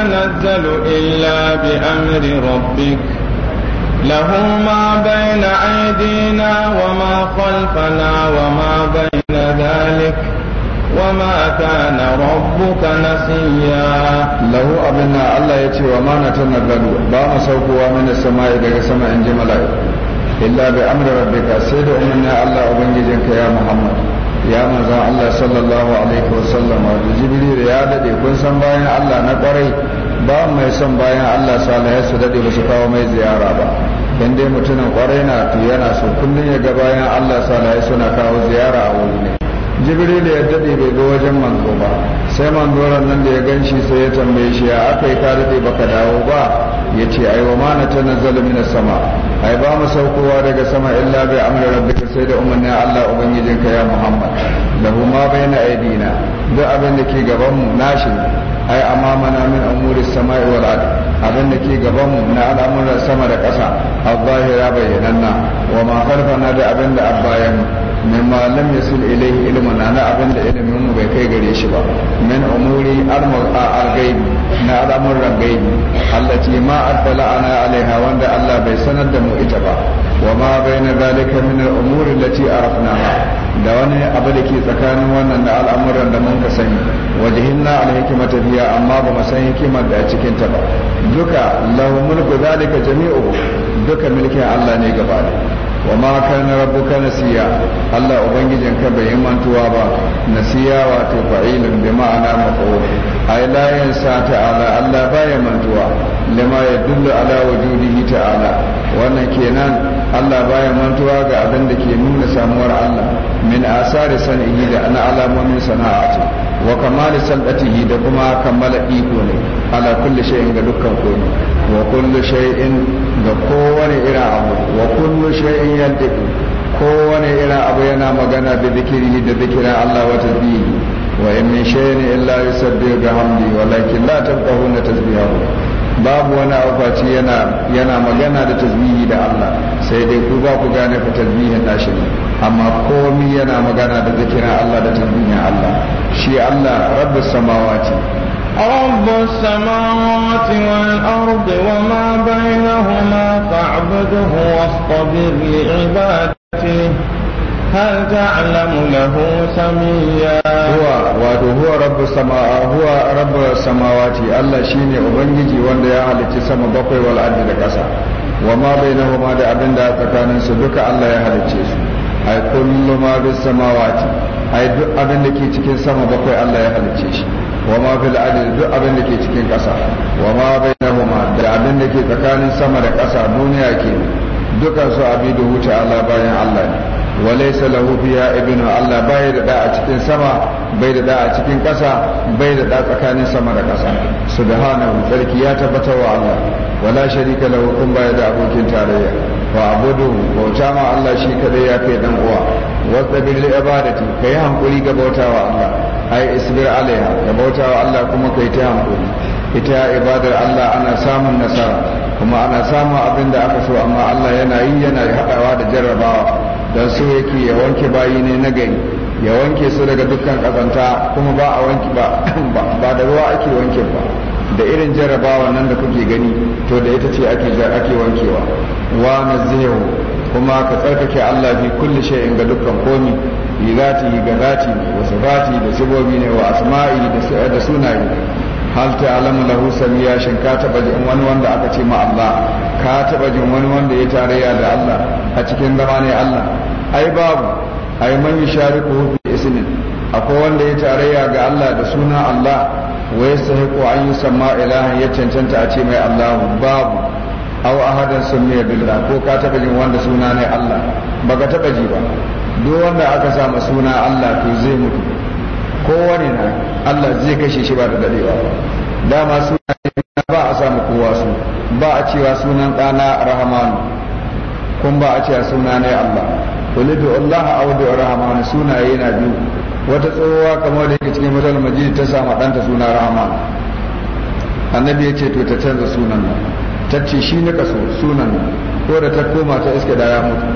تنزل إلا بأمر ربك له ما بين أيدينا وما خلفنا وما بين ذلك وما كان ربك نسيا له أبنا الله يتي وما نتنزل با سوقوا من السماء دغ سماء إن إلا بأمر ربك سيد أمنا الله أبنجي يا محمد ya manzo Allah sallallahu alaihi wasallam da jibril ya dade kun san bayan Allah na kwarai ba mai son bayan Allah salihai su dade ba su kawo mai ziyara ba dan dai mutumin kwarai na to yana so kullum ya ga bayan Allah salihai suna kawo ziyara a wuri ne jibril ya daɗe bai zo wajen manzo ba sai manzoran nan da ya gan shi sai ya tambaye shi ya aka yi ka daɗe baka dawo ba ya ce ai wa mana ta nazzalu mina sama ai ba mu saukowa daga sama illa bai amri rabbika sai da umarnin Allah ubangijinka ya Muhammad lahu ma baina aidina duk abin da ke gaban mu nashi ai amma mana min umuri samai wal abin da ke gabanmu na al'amuran sama da ƙasa a zahira bayyananna wa ma na da abin da abbayan mai lam yasul ilayhi ilmuna na abin da ilimin bai kai gare shi ba min umuri al-ghaibi na al'amuran gaibi allati ma adbala ana alaiha wanda Allah bai sanar da mu ita ba wa ma bayna zalika min al-umuri allati arafnaha da wani abu da ke tsakanin wannan da al'amuran da mun ka sani wajihin na alhikimata biya amma ba mu san hikimar da a cikinta ba duka lahu mulku zalika jami'u duka mulkin Allah ne gaba ɗaya wa ma kana rabbuka nasiya Allah ubangijin ka bai mantuwa ba nasiya wato fa'ilun bi ma'ana mafu ai la yansa ta'ala Allah baya mantuwa lima ya yadullu ala wujudihi ta'ala wannan kenan Allah baya mantuwa ga abin da ke nuna samuwar Allah min asari san'ihi da ana alamomin sana'atu wa kamal san'atihi da kuma kammala iko ne ala kulli shay'in ga dukkan komai wa kullu shay'in da kowane irin abu wa kullu shay'in yantiqu kowane irin abu yana magana da zikiri da zikirin Allah wa tasbihi wa in min shay'in illa yusabbihu bihamdi walakin la tafqahuna tasbihahu babu wani abu yana yana magana da tasbihi da Allah sai dai ku ba ku gane ku da shi amma komai yana magana da zikirin Allah da tasbihin Allah shi Allah rabbus samawati رب السماوات والأرض وما بينهما فاعبده واصطبر لعبادته هل تعلم له سميا هو wato huwa rabbu sama huwa rabbu samawati Allah shine ubangiji wanda ya halicci sama bakwai wal ardi da ƙasa wa ma bainahuma da abin da duka Allah ya halicce su ai kullu ma bis samawati ai duk abin da ke cikin sama bakwai Allah ya halicce shi wa ma fil ardi duk abin da ke cikin ƙasa bai na huma da abin da ke tsakanin sama da ƙasa duniya ke dukan su da wuce Allah bayan Allah ne walaisa salahu fiya ibnu Allah bai da da a cikin sama bai da da a cikin ƙasa bai da da tsakanin sama da ƙasa subhanahu tsarki ya tabbata wa Allah wala sharika lahu kun bai da abokin tarayya fa abudu bauta ma Allah shi kadai ya kai dan uwa wasabir li ibadati kai hankuri ga bautawa Allah ai isbir alaiha da bauta wa Allah kuma kai ta hankuri ita ibadar Allah ana samun nasara kuma ana samun abin da aka so amma Allah yana yi yana haɗawa da jarrabawa don so yake ya wanke bayi ne na gari ya wanke su daga dukkan kazanta kuma ba a wanke ba ba da ruwa ake wanke ba da irin jarrabawa nan da kuke gani to da ita ce ake ake wankewa wa nazihu kuma ka tsarkake Allah bi kulli shay'in ga dukkan komi bi zati ga zati ne wa da sibobi ne wa asma'i da sunaye hal ta'lamu lahu samiya shin ka taba jin wani wanda aka ce ma Allah ka taba jin wani wanda ya tarayya da Allah a cikin zama Allah ai babu ai man yushariku bi ismin akwai wanda ya tarayya ga Allah da suna Allah wa yastahiqu an sama ilahan ya cancanta a ce mai Allahu babu aw ahadan sumiya billah ko ka taba jin wanda suna ne Allah baka taba ji ba duk wanda aka sa suna Allah to zai mutu kowane na Allah zai kashe shi ba da dadewa ba dama suna ba a samu kowa su ba a cewa sunan ɗana rahamanu kun ba a cewa suna ne Allah kulidu Allah a wadda rahman suna yana biyu wata tsohuwa kamar da yake cikin mazal majid ta samu danta suna Rahman annabi ya ce to ta canza sunan nan ta ce shi na kaso sunan ko da ta koma ta iske da ya mutu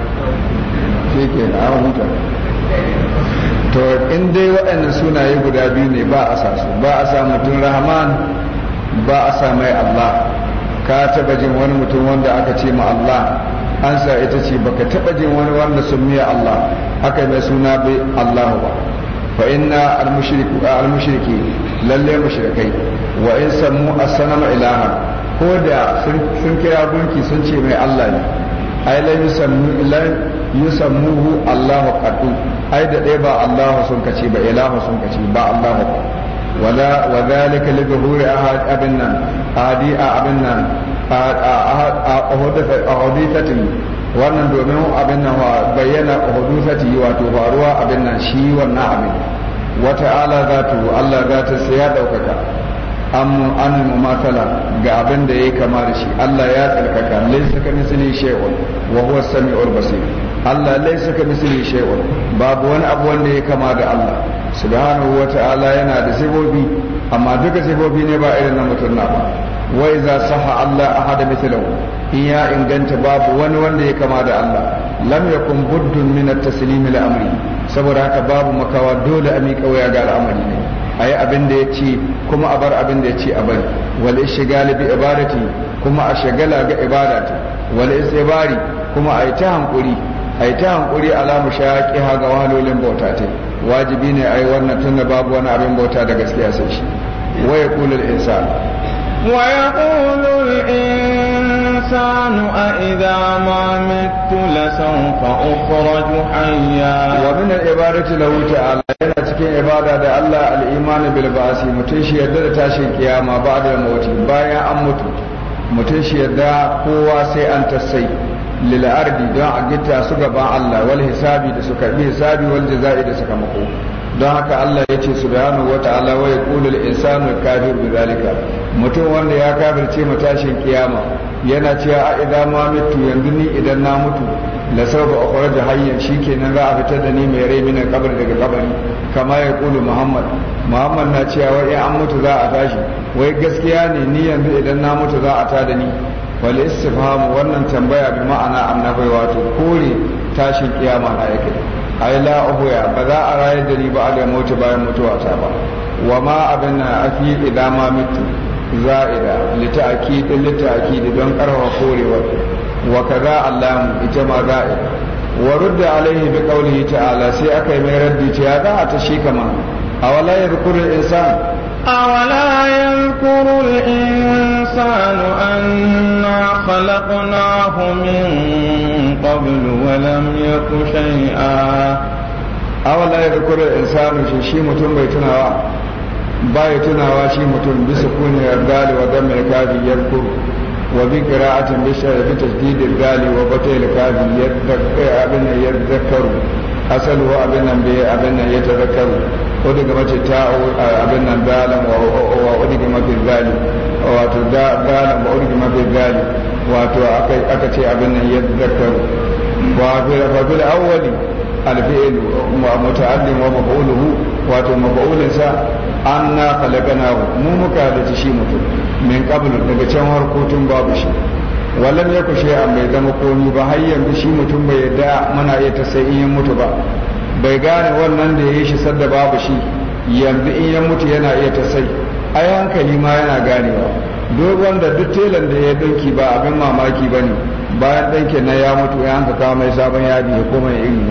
shi ke a huta to in dai waɗannan sunaye guda biyu ne ba a sa su ba a sa mutum rahman ba a sa mai allah ka taɓa jin wani mutum wanda aka ce ma allah an sa ita ce baka taɓa jin wani wanda sun miya allah aka mai suna bai allahu ba fa inna al-mushriku ah, al-mushriki lalle mushrikai wa in sammu as-sanama ilaha ko da sun kira gunki sun ce mai Allah ne ai la yusammu la yusammuhu Allahu qadu ai da dai ba Allahu kace ba kace ba وذلك لظهور أبن أدي أبن أحدثة wannan domin abin nan wa bayyana hudusati wato faruwa abin nan shi wannan abin wata ala za ta Allah za ta sai ya daukaka amma an mu matala ga abin da yayi kama shi Allah ya tsarkaka laysa kamithlihi shay'un wa huwa as-sami'ul basir Allah laisa ka misali shay'un babu wani abu wanda ya kama da Allah subhanahu wata'ala yana da sifofi amma duka sifofi ne ba irin na mutum na ba wa idza saha Allah hada mithlahu in ya inganta babu wani wanda ya kama da Allah lam yakun buddun min at-taslim li amri saboda haka babu makawa dole a miƙa waya ga al'amari ne a yi abin da ya ci kuma a bar abin da ya ci a bari wal ishigali bi ibadati kuma a shagala ga ibadati wal istibari kuma a yi ta hankuri a yi ta hankuri alamu shaƙi ha ga wahalolin bauta ta wajibi ne a yi wannan tun da babu wani abin bauta da gaskiya sai shi waya kulul insan waya kulul الإنسان la ما ukhraju hayya wa min al ibadati lahu ta'ala yana cikin ibada da Allah al imani bil ba'asi mutum shi yadda da tashin kiyama ba da bayan an mutu mutum shi yadda kowa sai an tasai lil ardi don a gita su gaban Allah wal hisabi da suka karbi hisabi wal jaza'i da mako don haka Allah ya ce hannu wata allah wa yaqulu al insanu kafir bi zalika mutum wanda ya kafirce matashin kiyama yana cewa a idan ma mutu yanzu ni idan na mutu la sawfa ukhraja hayyan shikenan za a fitar da ni mai rai min kabar daga kabari kama ya kulu muhammad muhammad na cewa wai an mutu za a tashi wai gaskiya ne ni yanzu idan na mutu za a da ni wal istifham wannan tambaya bi ma'ana annabai wato kore tashin kiyama na yake ai la ubuya ba za a raye da ni ba a da mutu bayan mutuwa ta ba wa ma abin na afi idan ma mutu za'ida lita'akid lita'akid don karwa korewa wa kaza allamu ita ma za'ida wa rudda alaihi bi qawlihi ta'ala sai aka yi mai raddi ta ya A ta shi kaman yadhkuru insan أولا يذكر الإنسان أنا خلقناه من قبل ولم يك شيئا أولا يذكر الإنسان شيء متن بيتنا baya tunawa shi mutum bisa kuni gali wa dam kafi yadkuru wa bi qira'atin bi shar bi tasdid gali wa batil kafi yadkuru abin yadhakkaru ko daga mace mafi gali wato gana ba urgi mafi gali wato aka ce abin nan ya zakaru wa fil awwali wa muta'allim wa maf'uluhu wato maf'ulin sa anna khalaqnahu mu muka da shi mutum min qablu daga can har kotun babu shi walam yaku shay'an bai zama komi ba har yanzu shi mutum bai yadda muna iya ta sai in mutu ba bai gane wannan da ya yi shi sadda babu shi yanzu in ya mutu yana iya ta sai ai hankali ma yana ganewa dogon da duk telan da ya ɗauki ba abin mamaki ba ne bayan ɗanke na ya mutu ya hanka kawo mai sabon yadi ya koma ya iri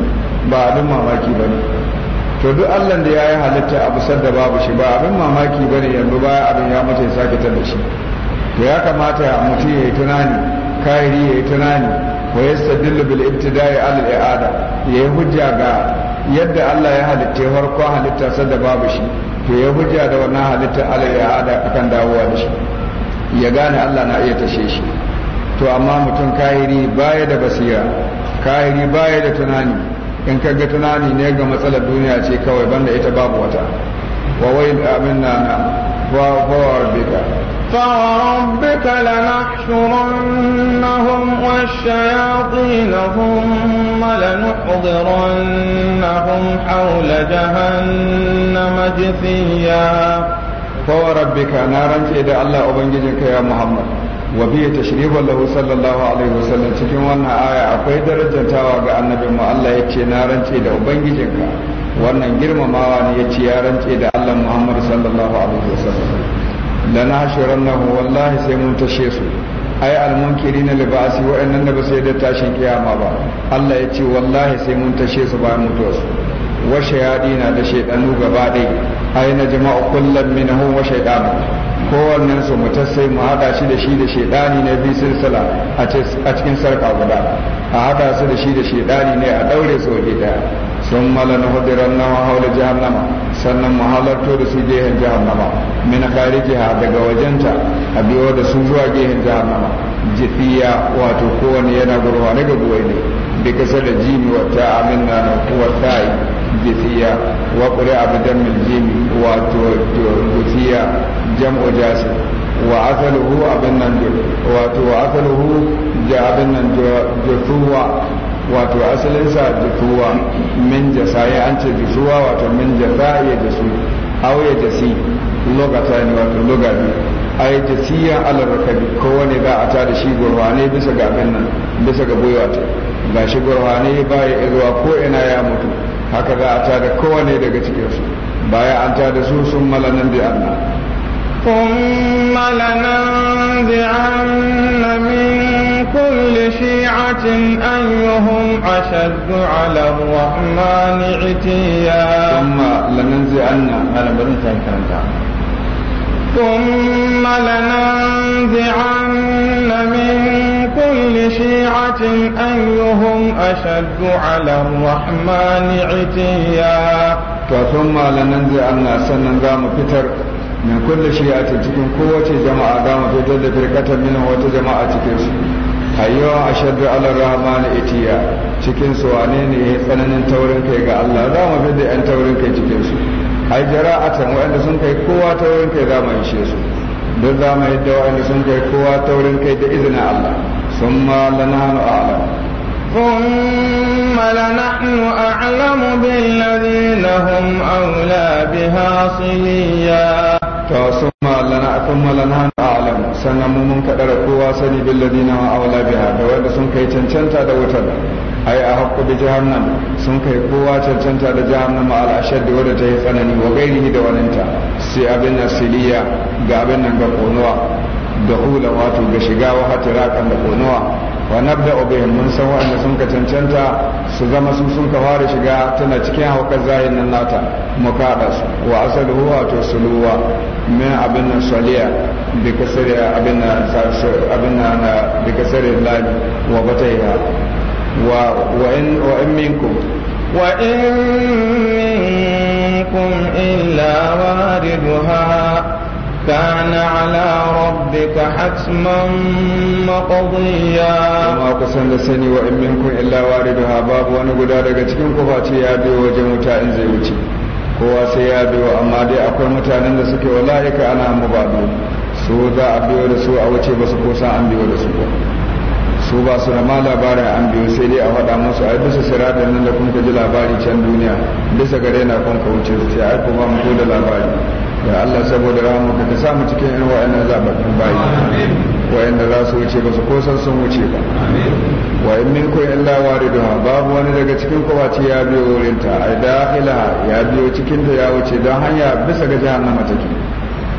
ba abin mamaki ba to duk allah da ya yi halitta abu da babu shi ba abin mamaki ba ne yanzu ba abin ya mutu ya sake tada shi to ya kamata mutum ya yi tunani kairi ya yi tunani wa yastadillu bil ibtida'i al i'ada ya yi hujja ga yadda Allah ya halitta farko halitta sa da babu shi to ya hujja da wannan halitta Allah ya hada akan dawowa da shi ya gane Allah na iya tashe shi to amma mutum kahiri baya da basira kahiri baya da tunani in ka ga tunani ne ga matsalar duniya ce kawai banda ita babu wata wa wai abin na فوربك فوربك لنحشرنهم والشياطين ثم لنحضرنهم حول جهنم جثيا فوربك نارا إذا الله أبنجيك يا محمد wa biya tashrifan lahu sallallahu alaihi wasallam cikin wannan aya akwai tawa ga annabi mu Allah ce na rance da ubangijinka wannan girmamawa ne yace ya rance da Allah Muhammad sallallahu alaihi wasallam lanahshurannahu wallahi sai mun tashe su ai almunkiri na libasi wa'annan da ba sai da tashin kiyama ba Allah ya ce wallahi sai mun tashe su bayan su wa shayadina da shaydanu gaba dai ai na jama'a kullum minhum wa shaydanu kowannen su mutassai mu hada shi da shi da shaidani na bi silsila a cikin sarka guda a hada su da shi da shaidani ne a daure su waje hudu ثم لنهدرنهم حول جهنم sannan mu da su gehen jahannama min jiha daga wajenta a biyo da su zuwa gehen jahannama jifiya wato kowane yana gurwa ne ga guwai ne bi kasa da jimi wata amin na kuwa ta'i jifiya wa kuri abidan mil jimi wato jifiya jam jasi wa asaluhu abin nan wato wa asaluhu da abin nan jutuwa wato asalinsa jituwa min jasa ya an ce jituwa wato min jasa ya jasu aw ya jasi lokata ne wato logabi a ya jasiyan alarrakabi kowane da a tada shi gurwane bisa ga abin nan bisa ga boyewa ta ga shi gurwane ba ya izuwa ko ina ya mutu haka za a tada kowane daga cikinsu baya an tada su sun malanan bi anna ثم لننزعن من كل شيعة أيهم أشد على الرحمن عتيا ثم لننزعن أنا بنتهي كلام ثم لننزعن من كل شيعة أيهم أشد على الرحمن عتيا ثم لننزعن سنن ذا فتر min kulli shi'atin cikin kowace jama'a za mu fitar da firkatan min wata jama'a cikin su ayyuwa ashaddu ala rahmani itiya cikin su wane ne ya tsananin taurin kai ga Allah za mu da yan taurin kai cikin su ai jara'atan wanda sun kai kowa taurin kai za mu ishe su duk za mu yadda wanda sun kai kowa taurin kai da izinin Allah sun ma lana a'lam ثم لنحن أعلم بالذين هم أولى بها صليا ثم لنا ثم لنحن أعلم سنة من كدر قوة سني بالذين هم أولى بها دوائد سنكي تنشنتا دوتر ai a haƙƙo da jahannam sun kai kowa cancanta da jahannam a al'ashar da wadda ta yi tsanani wa gairihi da waninta sai abin nasiliya ga abin nan ga konuwa da hula wato ga shiga wa hatirakan da konuwa wa nabda obin mun san wanda sun ka cancanta su zama su sun ka fara shiga tana cikin haukar zahin nan nata mukada su wa asalu huwa to suluwa min abin nan saliya bi kasari abin nan abin nan bi kasari lam wa bataiha wa wa in wa in minkum wa in minkum illa waridha كان على ربك حتما مقضيا وما قسم لسني وإن منكم إلا واردها باب ونقول لك تكون كفاتي يا بي وجمتا إن kowa sai ya biyo amma dai akwai mutanen da suke ka ana mabadu su za a biyo da su a wuce ba su kosa an biyo da su ba su ba su ma labarin an biyo sai dai a faɗa musu ai bisa siratar nan da kun ji labari can duniya bisa gare na kun ka wuce sai ai ku ba mu da labari ya Allah saboda rahamarka ka samu cikin yan wa'annan zababbin bayi wa'anda za su wuce ba su ko san sun wuce ba wa in min kun illa babu wani daga cikin ku ya biyo wurin ta ai dakhila ya biyo cikin ta ya wuce don hanya bisa ga jahannama take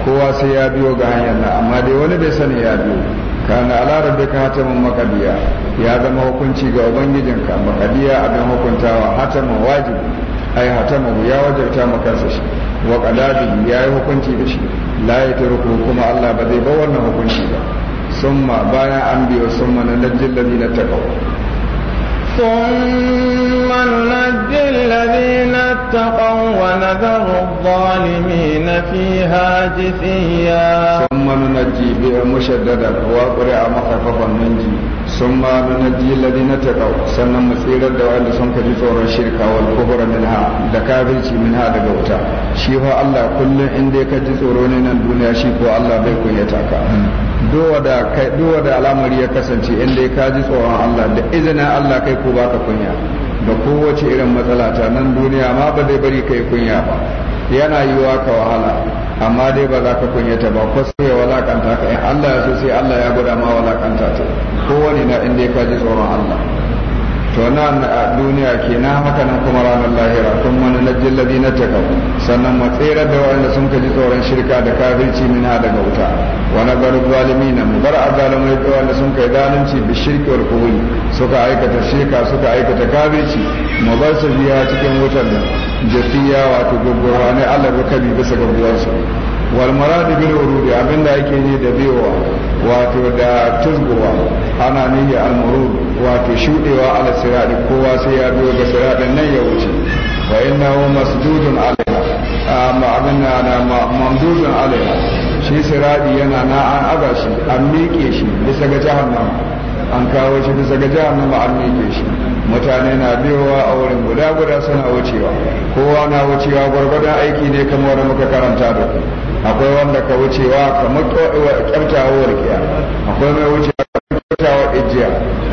kowa sai ya biyo ga hanyar na amma dai wani bai sani ya biyo kana ala rabbika hatamun makadiya ya zama hukunci ga ubangijinka makadiya abin hukuntawa hatamun wajibi ai hatamahu ya wajarta ma kansa shi wa qadabi ya yi hukunci da shi la yatruku kuma Allah ba zai ba wannan hukunci ba summa bayan an biyo summa na najjil ladina taqaw ثم ننجي الذين اتقوا ونذر الظالمين فيها جثيا ma nunajji bi mushaddada wa qur'a makafafan nunji sun ma nunajji ladina taqaw sannan mu tsirar da wanda sun kaji tsoron shirka wal kufra minha da kafirci minha daga wuta shi fa Allah kullun in ka ji tsoro ne nan duniya shi ko Allah bai kunyata ka dowa da al'amari ya kasance in dai ka ji tsoron Allah da izinin Allah kai ko baka kunya da kowace irin matsalata nan duniya ma ba zai bari kai kunya ba yana yi wa ka wahala amma dai ba za ka kunyata ba ko sai ya walakanta ka in Allah ya so sai Allah ya gwada ma walakanta ta kowane na inda ya kaji tsoron Allah to nan a duniya kenan haka nan kuma ranar lahira kun mani lajjin labi na takau sannan mu tsere da wanda sun kaji tsoron shirka da kafirci min daga wuta wa na bar zalimi na mu bar azalimai da wanda sun kai zalunci bi shirki wal kuhuli suka aikata shirka suka aikata kafirci mu bar su biya cikin wutar da jafiya wato gaggawa ne Allah ya kabi bisa gaggawarsu wal muradu bil urudi abinda yake ne da bewa wato da tuzgowa ana niyya al murud wato shudewa ala sirati kowa sai ya biyo ga siratin nan ya wuce wa innahu masdudun alaiha amma abinda na mamdudun alaiha shi sirati yana na an aga shi an miƙe shi bisa ga jahannama an kawo shi bisa ga jami'an an mike shi mutane na biyowa a wurin guda guda suna wucewa kowa na wucewa gwargwadon aiki ne kamar wanda muka karanta da ku akwai wanda ka wucewa kamar kyautawar kiya akwai mai wucewa kamar kyautawar ijiya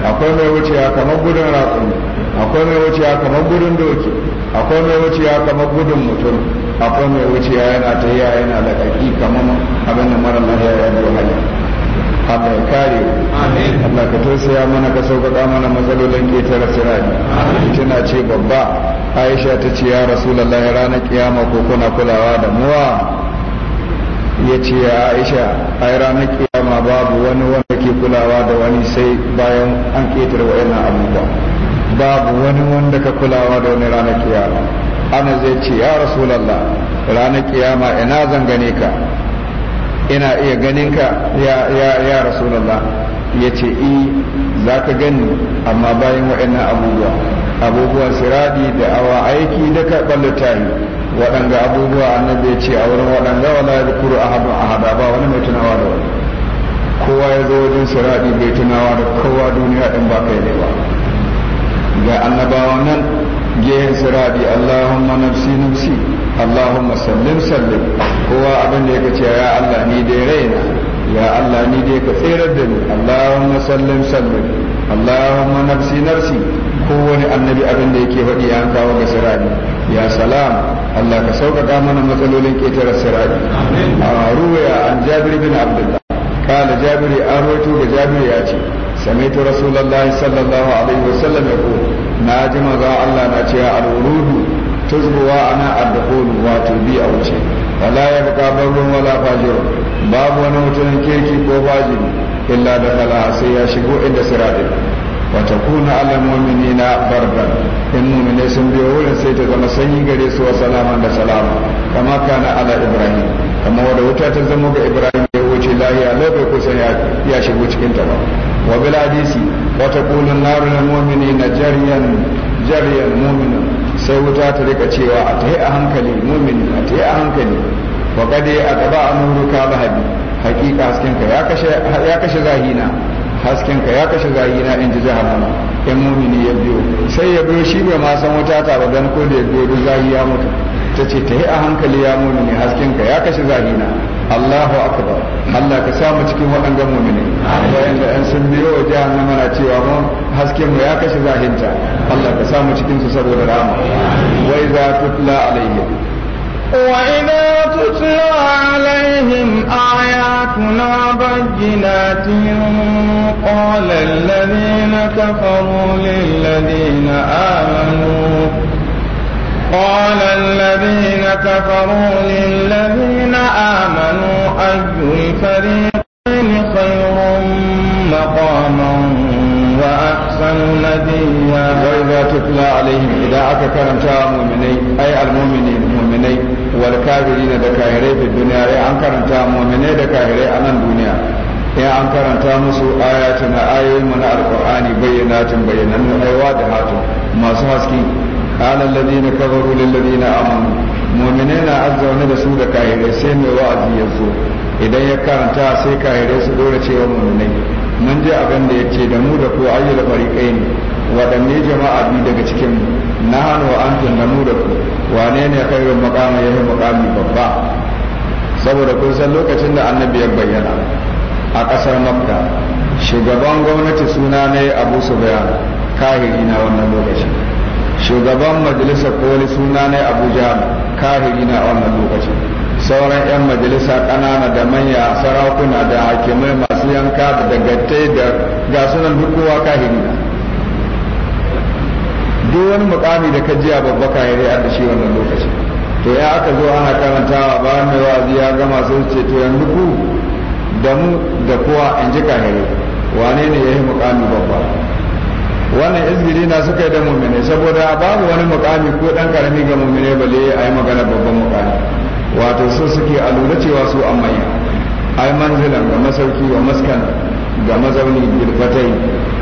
akwai mai wucewa kamar gudun raƙumi akwai mai wucewa kamar gudun doki akwai mai wucewa kamar gudun mutum akwai mai wucewa yana ta yana da kaki kamar abin da mara lafiya ya biyo hanya Allah ya kare Allah ka tausaya mana ka sauƙaƙa mana matsalolin ƙetare sirari tana ce babba Aisha ta ce ya Rasulullahi ranar kiyama ko kuna kulawa da muwa ya ce ya Aisha ai ranar kiyama babu wani wanda ke kulawa da wani sai bayan an ƙetare wa'annan abubuwa babu wani wanda ka kulawa da wani ranar kiyama ana zai ce ya Rasulallah ranar kiyama ina zan gane ka ina iya ganin ka ya ya ya rasulullah ya ce i e, za ka gani amma bayan waɗannan abubuwa abubuwan siradi da awa aiki da karɓar littafi waɗanga abubuwa annabi ya ce a wurin waɗanga wala da kuru a hada ba wani mai tunawa da wani kowa ya zo wajen siradi bai tunawa da kowa duniya ɗin ba kai ne ba ga annabawan nan gehen siradi Allahumma nafsi nafsi Allahumma sallim sallim kowa abin da yake ce ya Allah ni dai raina ya Allah ni dai ka tsirar da ni Allahumma sallim sallim Allahumma nafsi nafsi kowane annabi abin da yake faɗi ya kawo ga sirari ya salam Allah ka sauƙaƙa mana matsalolin ƙetare sirari a ruwaya an jabir bin abdullah kala jabiri an roto ga jabiri ya ce sami ta rasulallah sallallahu alaihi wasallam ya ko na ji maza Allah na cewa alwurudu tuzbuwa ana addakolu wato bi a wuce wala ya buka barron wala fajir babu wani mutumin kirki ko fajiri illa da kala sai ya shigo inda siratin wata kuna ala mu'minina barba. in mu'mine sun biyo wurin sai ta zama sanyi gare su wa salaman da salama kama kana ala ibrahim amma wadda wuta ta zama ga ibrahim ya wuce lahiya lai bai kusa ya shigo cikin ta ba wa bil hadisi wa taqulu narul mu'minina jariyan jariyan mu'mina sai wuta ta rika cewa a tahi a hankali mu'mini a tahi a hankali wa qad aqba amruka lahabi haqiqa hasken ka ya kashe ya kashe zahina hasken ka ya kashe zahina in ji jahannama in mu'mini ya biyo sai ya biyo shi bai ma san wuta ta ba dan ko da ya biyo duk zahi mutu ta ce ta yi a hankali ya ne haskenka ya kashe zahina Allahu akbar Allah ka cikin waɗanda cikin ne bayan da ɗan sun biyo wa jihar na cewa mu hasken mu ya kashe zahinta Allah ka samu cikin su saboda wai za idza tutla alaihim wa idza tutla alaihim ayatuna bayyinatin qala alladhina kafaru lil ladina amanu قال الذين كفروا للذين آمنوا أي الفريقين خير مقاما وأحسن نديا وإذا تتلى عليهم إذا أتى كرمتا مؤمنين أي المؤمنين مؤمنين والكافرين دكاهرين في الدنيا أي أن كرمتا مؤمنين دكاهرين أمام الدنيا ya an karanta musu ayatuna ayoyin mu na alqur'ani bayyanatin bayyanannu aiwa da hatu masu haske qala alladhina kafaru lil ladina amanu mu'minai na azzauna da su da kahirai sai mai wa'azi ya zo idan ya karanta sai kahirai su dora cewa mu'minai mun ji abin da yace da mu da ku ayyul fariqain wadanne jama'a biyu daga cikin na hannu an da mu da ku wane ne kairin makama ya yi makami babba saboda kun lokacin da annabi ya bayyana a ƙasar makka shugaban gwamnati suna ne abu su bayan kahiri na wannan lokacin shugaban majalisar koli suna ne abuja kahiri na wannan lokacin sauran 'yan majalisa kanana da manya sarakuna da hakimai masu yanka da dagatai da gasunan hukowa kahiri na duk wani mukami da ka jiya babba kahiri a da shi wannan lokacin to ya aka zo ana karantawa bayan mai wazi ya gama sai ce to yanzu ku da mu da kowa in ji kahiri wane ne ya yi mukami babba wannan izgiri na suka yi da mumine saboda babu wani mukami ko dan karami ga mumine bale a yi magana babban mukami wato su suke a lura cewa su an manya yi manzilan ga masauki wa maskan ga mazauni girfatai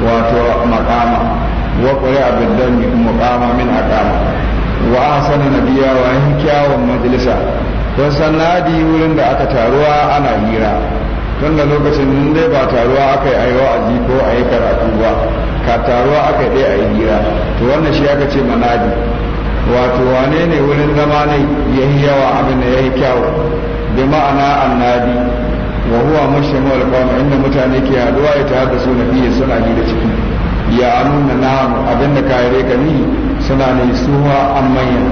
wato makama wa a bindan mukama min kama wa na biya wa kyawun majalisa kun san nadi wurin da aka taruwa ana hira tun da lokacin dai ba taruwa aka yi a wa'azi ko a yi karatu taruwa ka taruwa aka ɗaya a hira to wannan shi aka ce manadi wato wane ne wurin zama ne ya yi yawa abin da ya yi kyawu bi ma'ana annadi wa huwa mashimu alqawm inda mutane ke haduwa ya tare da su na biye suna da ciki ya nuna na abin da kayare ka ni suna ne suwa an manya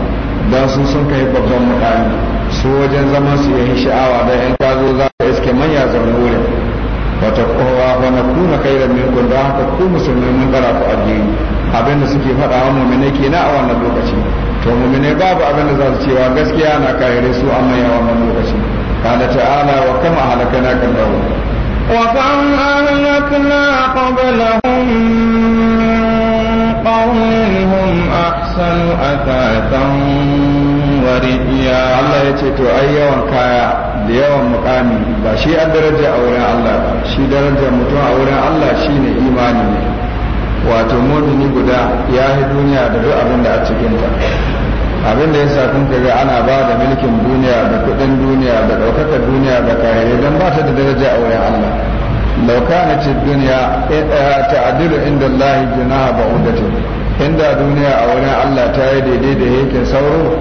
dan su sun kai babban mutane su wajen zaman su yi sha'awa da yan kazo za ka iske manya zaune wurin watakowa wani kuna kai mekon da haka ko musulmai mun gara ku addini abinda suke faɗa wa mummina a wannan lokaci. to muminai babu abinda za su cewa gaskiya na kare su amma ya wannan lokacin kana ta'ala wa kama halakana kan dawo wa kan ahlakna qablahum qawlihum ahsanu atatan wa Allah yace to ai yawan kaya da yawan mukami ba shi an daraja a wurin Allah ba shi darajar mutum a wurin Allah shi ne imani ne wato mumini guda ya yi duniya da duk abin da a cikinta abin da ya sa kun kaga ana ba da mulkin duniya da kuɗin duniya da ɗaukakar duniya da kayayyaki don ba ta da daraja a wurin Allah لو كانت الدنيا تعدل عند الله جناح duniya عند الدنيا أولا الله yi daidai da هيك sauro.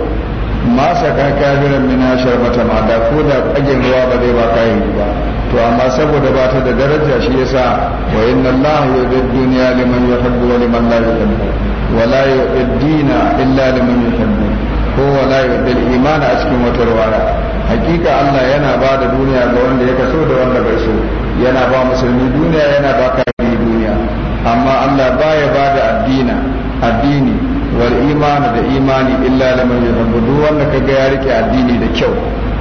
ma saka kafiran mina sharbata ma da ko da kagin ruwa ba zai ba kayan ba to amma saboda ba ta da daraja shi yasa wa inna Allah yudid dunya liman yuhibbu wa liman la yuhibbu wa la yudid dina illa liman ko wa la a cikin wata ruwaya hakika Allah yana ba da duniya ga wanda ya kaso da wanda bai so yana ba musulmi duniya yana ba kafiri duniya amma Allah baya ba da addina addini wal imanu da imani illa laman yuzambu wanda ka ga ya rike addini da kyau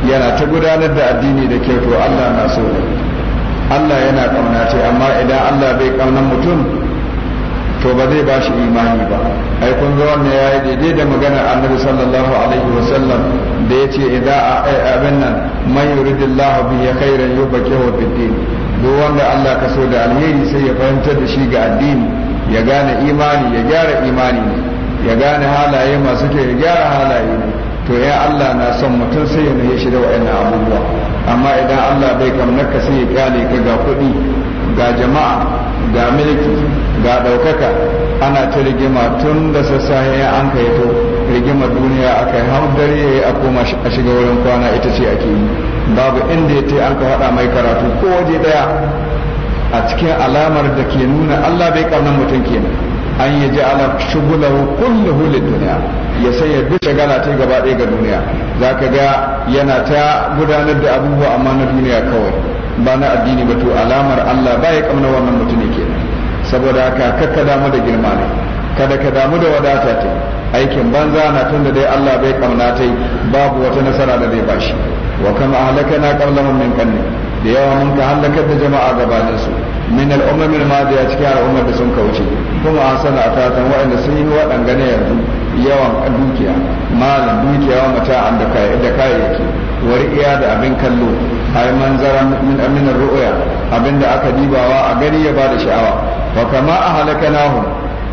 yana ta gudanar da addini da kyau to Allah na so Allah yana kauna ce amma idan Allah bai kauna mutum to ba zai ba shi imani ba ai kun ga wannan yayi daidai da magana Annabi sallallahu alaihi wasallam da yace idza abin nan man yuridillahu bihi khairan yubqihu fid din duk wanda Allah ka so da alheri sai ya fahimtar da shi ga addini ya gane imani ya gyara imani ya gane halaye masu ke gyara halaye ne to ya Allah na son mutum sai ya nuhe shi da wa'annan abubuwa amma idan Allah bai kamnaka sai ya kyale ka ga kuɗi ga jama'a ga miliki ga ɗaukaka ana ta rigima tun da sassahe an kai to rigimar duniya aka yi har dare ya yi a koma a shiga wurin kwana ita ce ake yi babu inda ya ce an ka haɗa mai karatu ko waje ɗaya a cikin alamar da ke nuna Allah bai ƙaunar mutum kenan an yi ji ala shugulahu kulluhu duniya ya sanya duk shagala ta gaba ɗaya ga duniya za ka ga yana ta gudanar da abubuwa amma na duniya kawai ba na addini ba to alamar Allah ba ya kamna wannan mutum ke saboda haka kakka damu da girma ne kada ka damu da wadata ta aikin banza na tun da dai Allah bai kamna ta babu wata nasara da zai bashi wa kama ahlakana qablahum min qarni da yawa mun ka halakar da jama'a gabanin su min al'ummin madiya cikin al'ummar da sun kauce kuma hasana a tatan waɗanda sun yi waɗanga ne yanzu yawan dukiya malam dukiya wa mata da kayayyaki wari iya da abin kallo ai manzara min aminar ru'ya abin da aka dibawa a gani ya bada sha'awa wa kama a halakanahu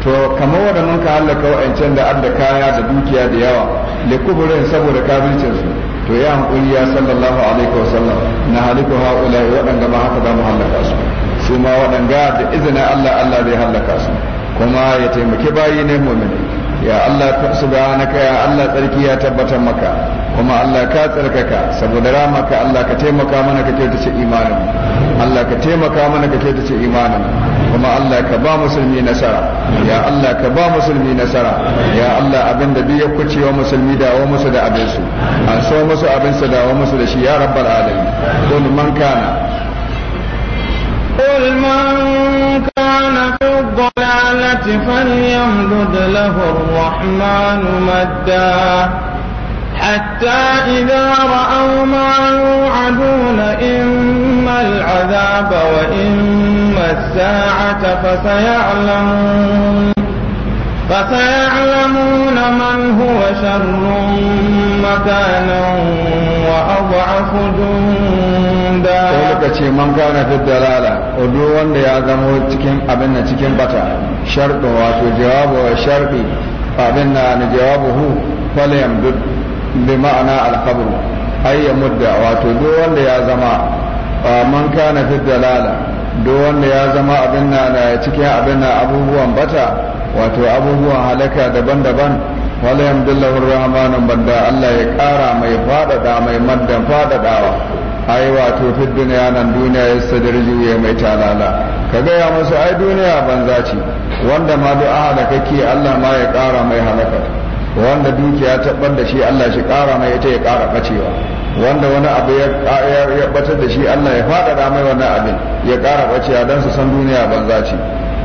to kama wanda mun ka halaka wa'ancan da adda kaya da dukiya da yawa da saboda kafircin su to ya hankuri ya sallallahu alaihi wasallam na haliku haula waɗanda ba haka za mu hallaka su su ma waɗanda da izinin Allah Allah zai hallaka su kuma ya taimaki bayi ne mu'mini ya Allah subhanaka ya Allah tsarki ya tabbata maka kuma Allah ka tsarkaka saboda ramaka Allah ka taimaka mana ka kyautace imanin Allah ka taimaka mana ka kyautace imanin kuma Allah ka ba musulmi nasara ya Allah ka ba musulmi nasara ya Allah abin da duk ya kuce wa musulmi da wa musu da abin su an so musu abin su da wa musu da shi ya rabbal alamin kun man kana قل من كان في الضلالة فليمدد له الرحمن مدا حتى إذا رأوا ما يوعدون إما العذاب وإما الساعة فسيعلمون فسيعلمون من هو شر مكانا وأضعف جندا sai muka ce man gane fi dalala ko duk wanda ya zamo cikin abin na cikin bata sharɗo wato jawabu wa sharɗi abin na na jawabu hu fala duk bi ma'ana alqabr ay yamudda wato duk wanda ya zama man gane fi dalala duk wanda ya zama abin na na cikin abin na abubuwan bata wato abubuwan halaka daban-daban wala yamdullahu rahmanun banda Allah ya ƙara mai faɗaɗa mai maddan faɗaɗawa ai wato fi duniya nan duniya ya sadarju ya mai talala ka gaya musu ai duniya banza ce wanda ma du'a da kake Allah ma ya ƙara mai halaka wanda dukiya tabbar da shi Allah shi ƙara mai ita ya ƙara bacewa wanda wani abu ya batar da shi Allah ya faɗaɗa mai wannan abin ya ƙara bacewa don su san duniya banza ce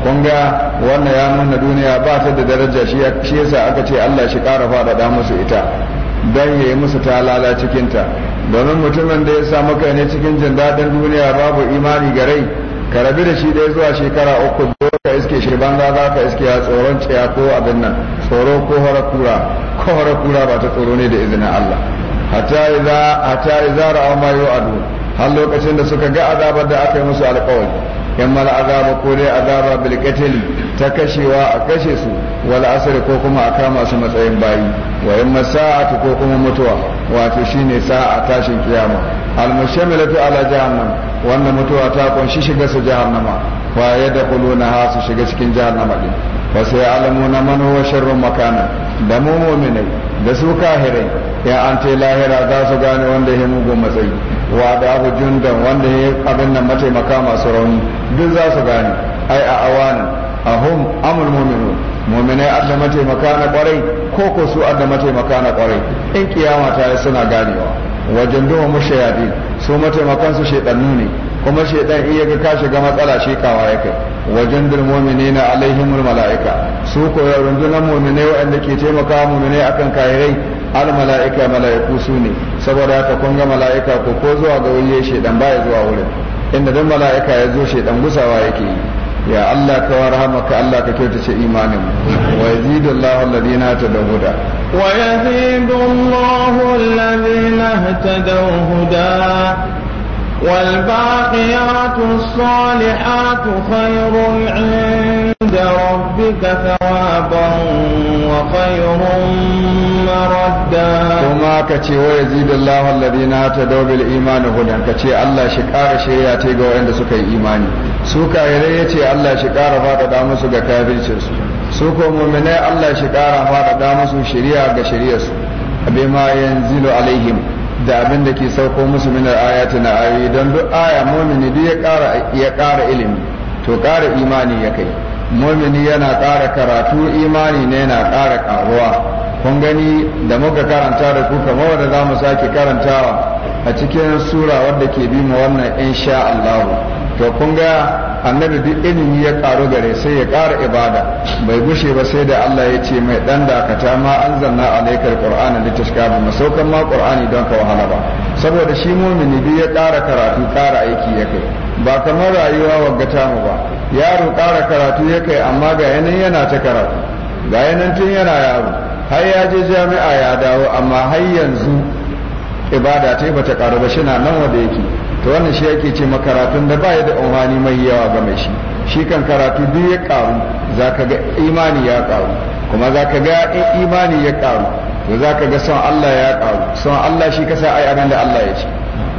kun ga wannan ya nuna duniya ba ta da daraja shi yasa aka ce Allah shi ƙara faɗaɗa musu ita don ya yi musu talala cikinta domin mutumin da ya samu kai ne cikin jin daɗin duniya babu imani ga rai ka rabi da shi ɗaya zuwa shekara uku zo ka iske shi banza za ka iske ya tsoron ciya ko abin nan tsoro ko hora kura ko ba ta tsoro ne da izinin Allah hatta idza hatta idza ra'a ma yu'adu har lokacin da suka ga azabar da aka yi musu alkawari yamma azaba ko dai azaba bil ta kashewa a kashe su wal asr ko kuma a kama su matsayin bayi wa in sa'atu ko kuma mutuwa wato shine sa'a tashin kiyama al mushammilatu ala jahannam wannan mutuwa ta kunshi shiga su jahannama wa ha su shiga cikin jahannama din fa sai na man huwa sharrun makana da mu mu'minai da su kahirai ya an ce lahira za su gane wanda ya mugu matsayi wa da abu jundan wanda ya abin nan mataimaka masu rauni duk za su gane ai a awanin ahum amul mu'minun mu'minai adda mataimaka na kwarai ko ko su adda mataimaka na kwarai in kiyama ta suna ganewa wajen duwa mushayadi su mataimakan su shedannu ne kuma shedan iya ga ka shiga matsala shekawa ya kai wajen dul mu'minina alaihimul mala'ika su ko rundunar mu'minai waɗanda ke taimaka mu'minai akan kayirai al mala'ika mala'iku su ne saboda haka kun ga mala'ika ko ko zuwa ga wuri shedan ba ya zuwa wurin inda dan mala'ika ya zo shedan gusawa yake yi ya Allah ka warhamaka Allah ka kyautace imanin mu wa yazidu Allahu alladhina tadaw huda wa yazidu Allahu alladhina tadaw huda wal baqiyatu مردا وما كتي ويزيد الله الذين اهتدوا بالايمان هدى كتي الله شي قara shari'a ce ga wanda suka yi imani su kafirai yace Allah shi ƙara faɗaɗa musu ga kafircin su su ko mu'minai Allah shi ƙara faɗaɗa musu shari'a ga shari'ar su bima yanzilu alaihim da abinda da ke sauko musu minar ayati na ayoyi don duk aya mumini duk ya ƙara ilimi to ƙara imani ya kai mumini yana kara karatu imani ne yana kara ƙaruwa kun gani da muka karanta da ku kamar wanda za mu sake karantawa a cikin sura wadda ke bi mu wannan insha Allah to kun ga annabi duk ilimi ya karu gare sai ya kara ibada bai bushe ba sai da Allah ya ce mai dan dakata ma anzalna alaikal qur'ana litashka ba masaukan ma qur'ani don ka wahala ba saboda shi mumini duk ya kara karatu ƙara aiki ya kai ba kamar rayuwa wagga mu ba yaro kara karatu ya kai amma ga yanayin yana ta karatu ga yanayin tun yana yaro har ya je jami'a ya dawo amma har yanzu ibada ta bata karu ba shina nan wanda yake to wannan shi yake ce makaratun da baya da umhani mai yawa ga mai shi shi kan karatu duk ya karu za ka ga imani ya karu kuma za ka ga in imani ya karu to za ka ga son Allah ya karu son Allah shi kasa ai abin da Allah ya ce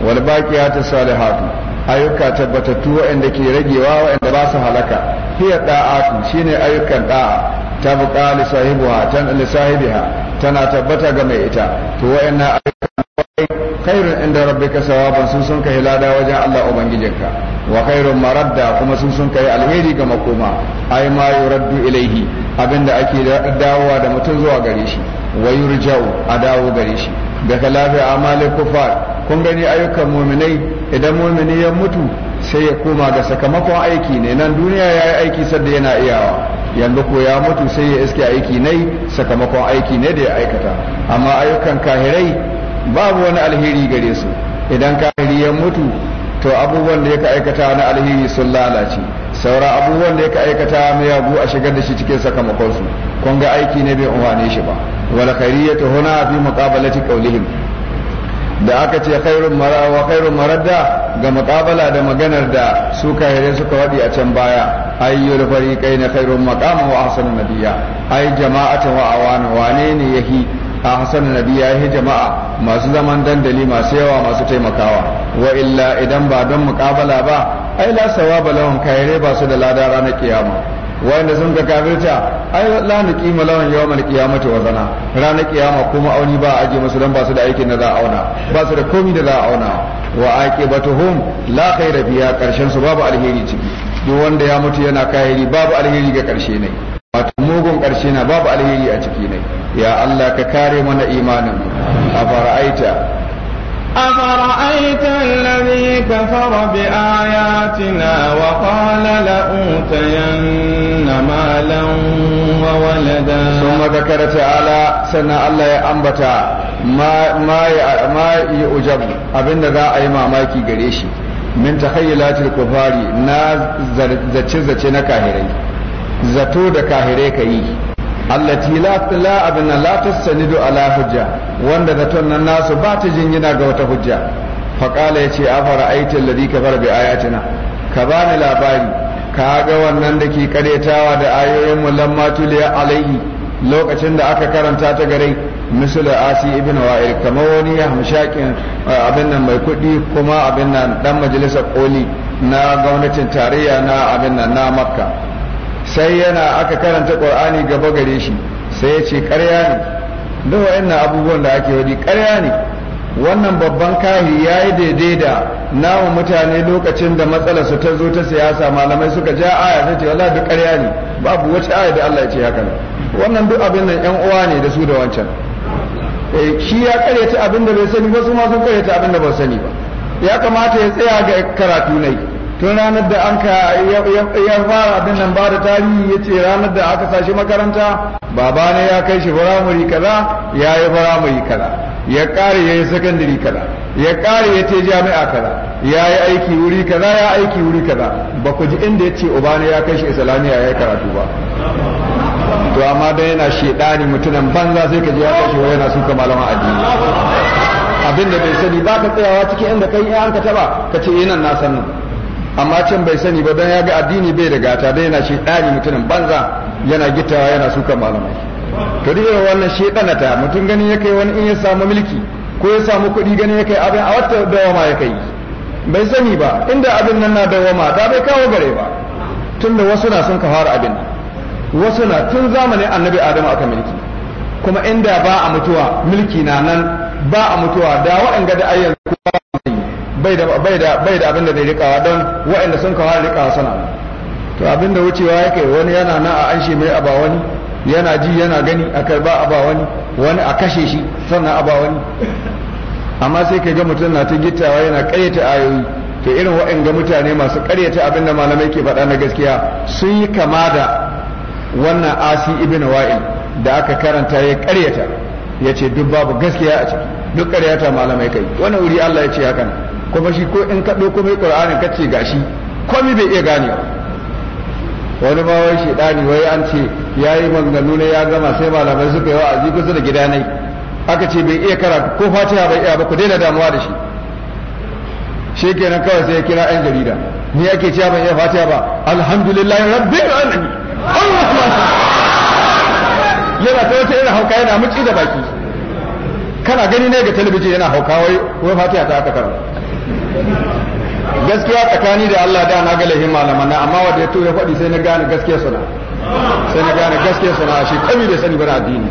wal baqiyatu salihatu ayyuka tabbatattu waanda ke ragewa waɗanda ba su halaka hiya da'atu shine ayyukan da'a ta li sahibiha tana tabbata ga mai ita to a wa'anna kairin inda rabbi sawaban sun sun kai lada wajen Allah ubangijinka wa marar maradda kuma sun sun kai alheri ga makoma ai ma yuraddu ilaihi abin da ake dawowa da mutum zuwa gare shi wa yurja'u a dawo gare shi daga lafiya amalin kufar kun gani ayyukan muminai idan mumini ya mutu sai ya koma ga sakamakon aiki ne nan duniya ya yi aiki sadda yana iyawa yanzu ko ya mutu sai ya iske aiki ne sakamakon aiki ne da ya aikata amma ayyukan kahirai babu wani alheri gare su idan kahiri ya mutu to abubuwan da ya aikata na alheri sun lalace saura abubuwan da yake aikata miyagu a shigar da shi cikin sakamakonsu kun ga aiki ne bai umarne shi ba wal khairiyatu huna fi muqabalati qawlihim da aka ce khairun mara wa khairun maradda ga muqabala da maganar da su kayyare suka wadi a can baya ayyul fariqaina khairun maqama wa ahsanu nabiyya ay jama'atan wa awana wane ne yahi a hasan nabi ya yi jama'a masu zaman dandali masu yawa masu taimakawa wa illa idan ba don mukabala ba ai la sawaba lahum kayre ba su da lada ranar kiyama wanda sun ga kafirta ai la nuqima lahum yawmal qiyamati wazana ranar kiyama kuma auni ba aje musu dan ba su da aikin da za a auna ba su da komi da za a auna wa aqibatuhum la khayra biya karshen su babu alheri ciki duk wanda ya mutu yana kayari babu alheri ga karshe ne wato mugun ƙarshe na babu alheri a ciki ne ya Allah ka kare mana imanin a fara'aita a fara'aita lalari ya ci na wa kwanan la'utayen na malan wa walada sun magakar ta ala sannan Allah ya ambata ma yi a ma yi za a yi mamaki gare shi min ta hayyala na zace-zace na kahirai zato da kahire ka yi allati la la abin la tasnidu ala hujja wanda zaton nan nasu ba ta jingina ga wata hujja fa qala yace afara aita alladhi kafara bi ayatina ka bani labari ka ga wannan da ke karetawa da ayoyin mu lamma tuliya alaihi lokacin da aka karanta ta gare misal asi ibn wa'il kamar wani ya hamshakin abin nan mai kuɗi kuma abin nan dan majalisar koli na gwamnatin tarayya na abin nan na makka sai yana aka karanta qur'ani gaba gare shi sai ya ce ƙarya ne duk wa'annan abubuwan da ake wadi ƙarya ne wannan babban kahi ya yi daidai da namu mutane lokacin da matsala su ta zo ta siyasa malamai suka ja aya sai ce wala duk ƙarya ne babu wace aya da Allah ya ce haka wannan duk abin nan yan uwa ne da su da wancan eh, shi ya karyata abin da bai sani wasu ma sun karyata abin da ba sani ba ya kamata ya tsaya ga karatu nai. tun ranar da an ka ya fara abin nan ba da tarihi ya ce ranar da aka sashi makaranta baba ne ya kai shi firamare kaza ya yi firamare kaza ya kare ya yi sakandare kaza ya kare ya ce jami'a kaza ya yi aiki wuri kaza ya aiki wuri kaza ba ku ji inda ya ce uba ne ya kai shi islamiyya ya yi karatu ba to amma dan yana shedani mutunan banza sai ka ji ya kai shi wai yana suka malaman addini da bai sani ba ka tsayawa cikin inda kai an ka taba ka ce eh, nan na sanin amma can bai sani ba don ya ga addini bai da gata dai yana shaidani mutumin banza yana gitawa yana suka malamai to dai wannan wannan ta mutum gani ya kai wani in ya samu mulki ko ya samu kuɗi gani ya kai abin a wata dawama ya kai bai sani ba inda abin nan na dawama da bai kawo gare ba tunda wasu na sun ka fara abin wasu na tun zamanin annabi adamu aka mulki kuma inda ba a mutuwa mulki na nan ba a mutuwa da waɗanda da ayyan bai da bai da bai da rikawa don waɗanda sun kawo rikawa sana to abin da wucewa yake wani yana na a an mai aba wani yana ji yana gani a karba aba wani wani a kashe shi sannan aba wani amma sai ka ga mutum na ta gittawa yana ƙayyata ayoyi to irin wa'in ga mutane masu ƙaryata abin da malamai ke faɗa na gaskiya sun yi kama da wannan asi ibn wa'il da aka karanta ya ƙaryata ya ce duk babu gaskiya a ciki duk ƙaryata malamai kai wani wuri Allah ya ce hakan kuma shi ko in ka ɗauko mai ƙur'anin ka ce gashi komai bai iya gane wani ma wai ɗani wai an ce ya yi manganu na ya gama sai malamai suka yi wa'azi kusa da gida nai aka ce bai iya karatu ko fatiha bai iya ba ku daina damuwa da shi shi kenan kawai sai ya kira 'yan jarida ni ake cewa ban iya fatiha ba alhamdulillah rabbil alamin yana ta wata irin hauka yana muci da baki kana gani ne ga talabijin yana hauka wai wai fatiha ta aka karanta gaskiya tsakani da Allah da na ga lahin malaman amma wanda ya to ya faɗi sai na gane gaskiya suna sai na gane gaskiya suna a kami bai sani bara addini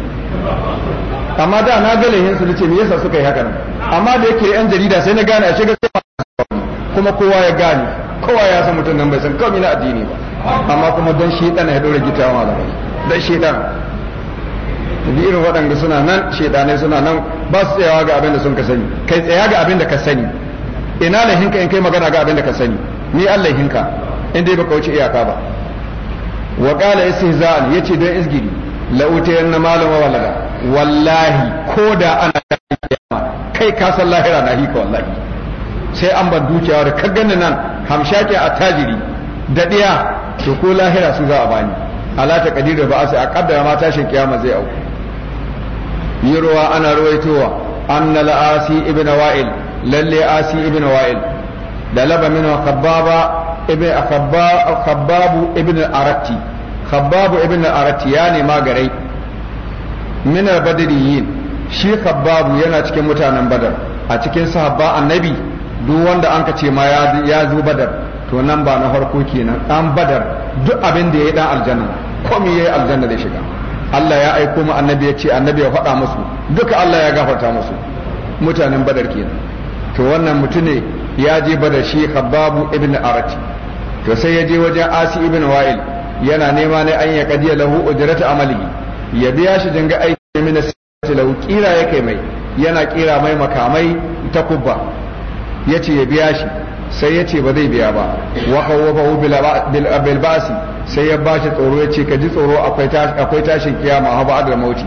amma da na gale hin su ne me yasa suka yi haka nan amma da yake yan jarida sai na gane a shiga kuma kowa ya gane kowa ya san mutum nan bai san kami na addini ba amma kuma don shedan ya dora gitawa malamai don shedan da irin waɗanda suna nan shedanai suna nan ba su tsayawa ga abin da sun ka sani kai tsaya ga abin da ka sani ina lahinka in kai magana ga abin ka sani ni Allah hinka in dai baka wuce iyaka ba wa qala istihza'an yace don izgiri la utayanna malama wa wallahi ko da ana kiyama kai ka san lahira na hika wallahi sai an ban dukiya da ka ganni nan hamshaki tajiri da diya to ko lahira su za a bani ala ta kadira ba sai a kaddara ma tashin kiyama zai auku yi ruwa ana ruwaitowa annal asi ibn wa'il Lallai asi ibn wa'il da labamin wa khabbaba ibn khabbab ibn arati khabbab ibn arati ya nema garai badari badriyin shi khabbab yana cikin mutanen badar a cikin sahabba annabi duk wanda an ka ce ma ya zo badar to ba na farko kenan dan badar duk abin ya yi dan aljanna komai ya yi aljanna da shiga Allah ya aiko mu annabi ya ce annabi ya faɗa musu duka Allah ya gafarta musu mutanen badar kenan to wannan mutum ne ya je ba da shi khababu ibn arat to sai ya je wajen asi ibn wa'il yana nema ne an ya kadiya lahu ujrata amali ya biya shi dinga aiki min sai lahu kira yake mai yana kira mai makamai ta kubba yace ya biya shi sai ya ce ba zai biya ba wa khawwafahu bil ba'si sai ya bashi tsoro yace ka ji tsoro akwai tashin kiyama ha da mauti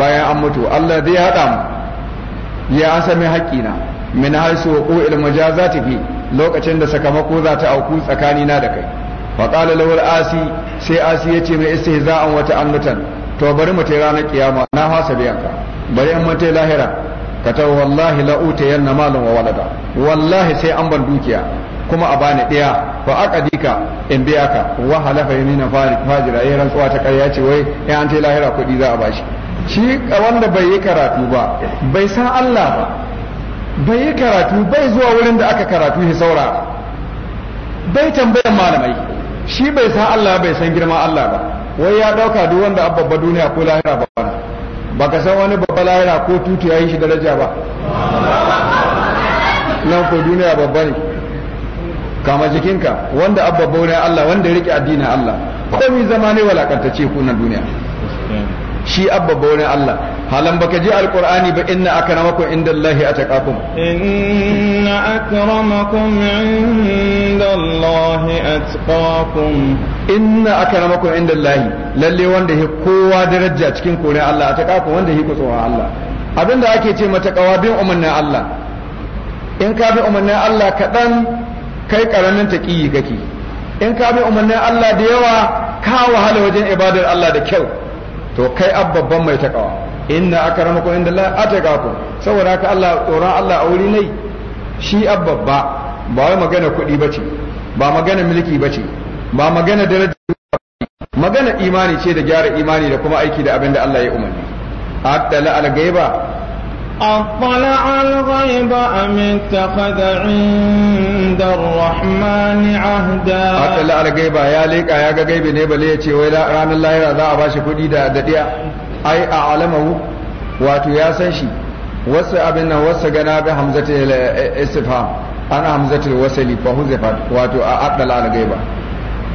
bayan an mutu Allah zai hada mu ya asami haƙƙina min haisu wa ƙo'il majazati fi lokacin da sakamako za ta auku na da kai fa qala lahu asi sai asi yace mai istihza'an wata ta'annutan to bari mu tai ranar kiyama na hasa biyanka bari an mun lahira ka ta wallahi la utayanna malan wa walada wallahi sai an ban dukiya kuma a bani ɗaya fa aqadika in biya ka wa halafa yamina fajira eh rantsuwa ta karya ce wai in an tai lahira kuɗi za a bashi shi wanda bai yi karatu ba bai san Allah ba bai yi karatu bai zuwa wurin da aka karatu shi saura bai tambayar malamai shi bai san Allah bai san girma Allah ba wai ya dauka duk wanda babba duniya ko lahira ba baka san wani babba lahira ko tutu ya yi shi daraja ba nan ko duniya babba ne kama jikinka wanda babba ne Allah wanda ya rike addinin Allah komai zama ne walakantacce ku na duniya shi abba wani Allah halan baka ji alqur'ani ba inna akramakum indallahi ataqakum inna akramakum indallahi atqakum inna akramakum indallahi lalle wanda ya kowa daraja cikin kore Allah ataqakum wanda ya tsoron Allah abinda ake ce mata kawabin umarnin Allah in ka bi umarnin Allah kaɗan kai karamin taqiyi kake in ka bi umarnin Allah da yawa ka wahala wajen ibadar Allah da kyau to kai ababban mai takawa inna akramakum indallahi atqakum saboda haka Allah tsoron Allah a wuri nai shi abbabba ba wai magana kuɗi bace ba magana mulki bace ba magana daraja magana imani ce da gyara imani da kuma aiki da abin da Allah ya umarni attala al gaiba اطلع الغيب ام اتخذ عند الرحمن عهدا اطلع الغيب يا ليك يا غيب ne bale yace wai ranar lahira za a bashi kuɗi da dadiya ai a alamahu wato ya san shi wasu abin nan wasu gana bi hamzati eh, eh, istifham ana hamzati wasali fa huzifat wato a addala al gaiba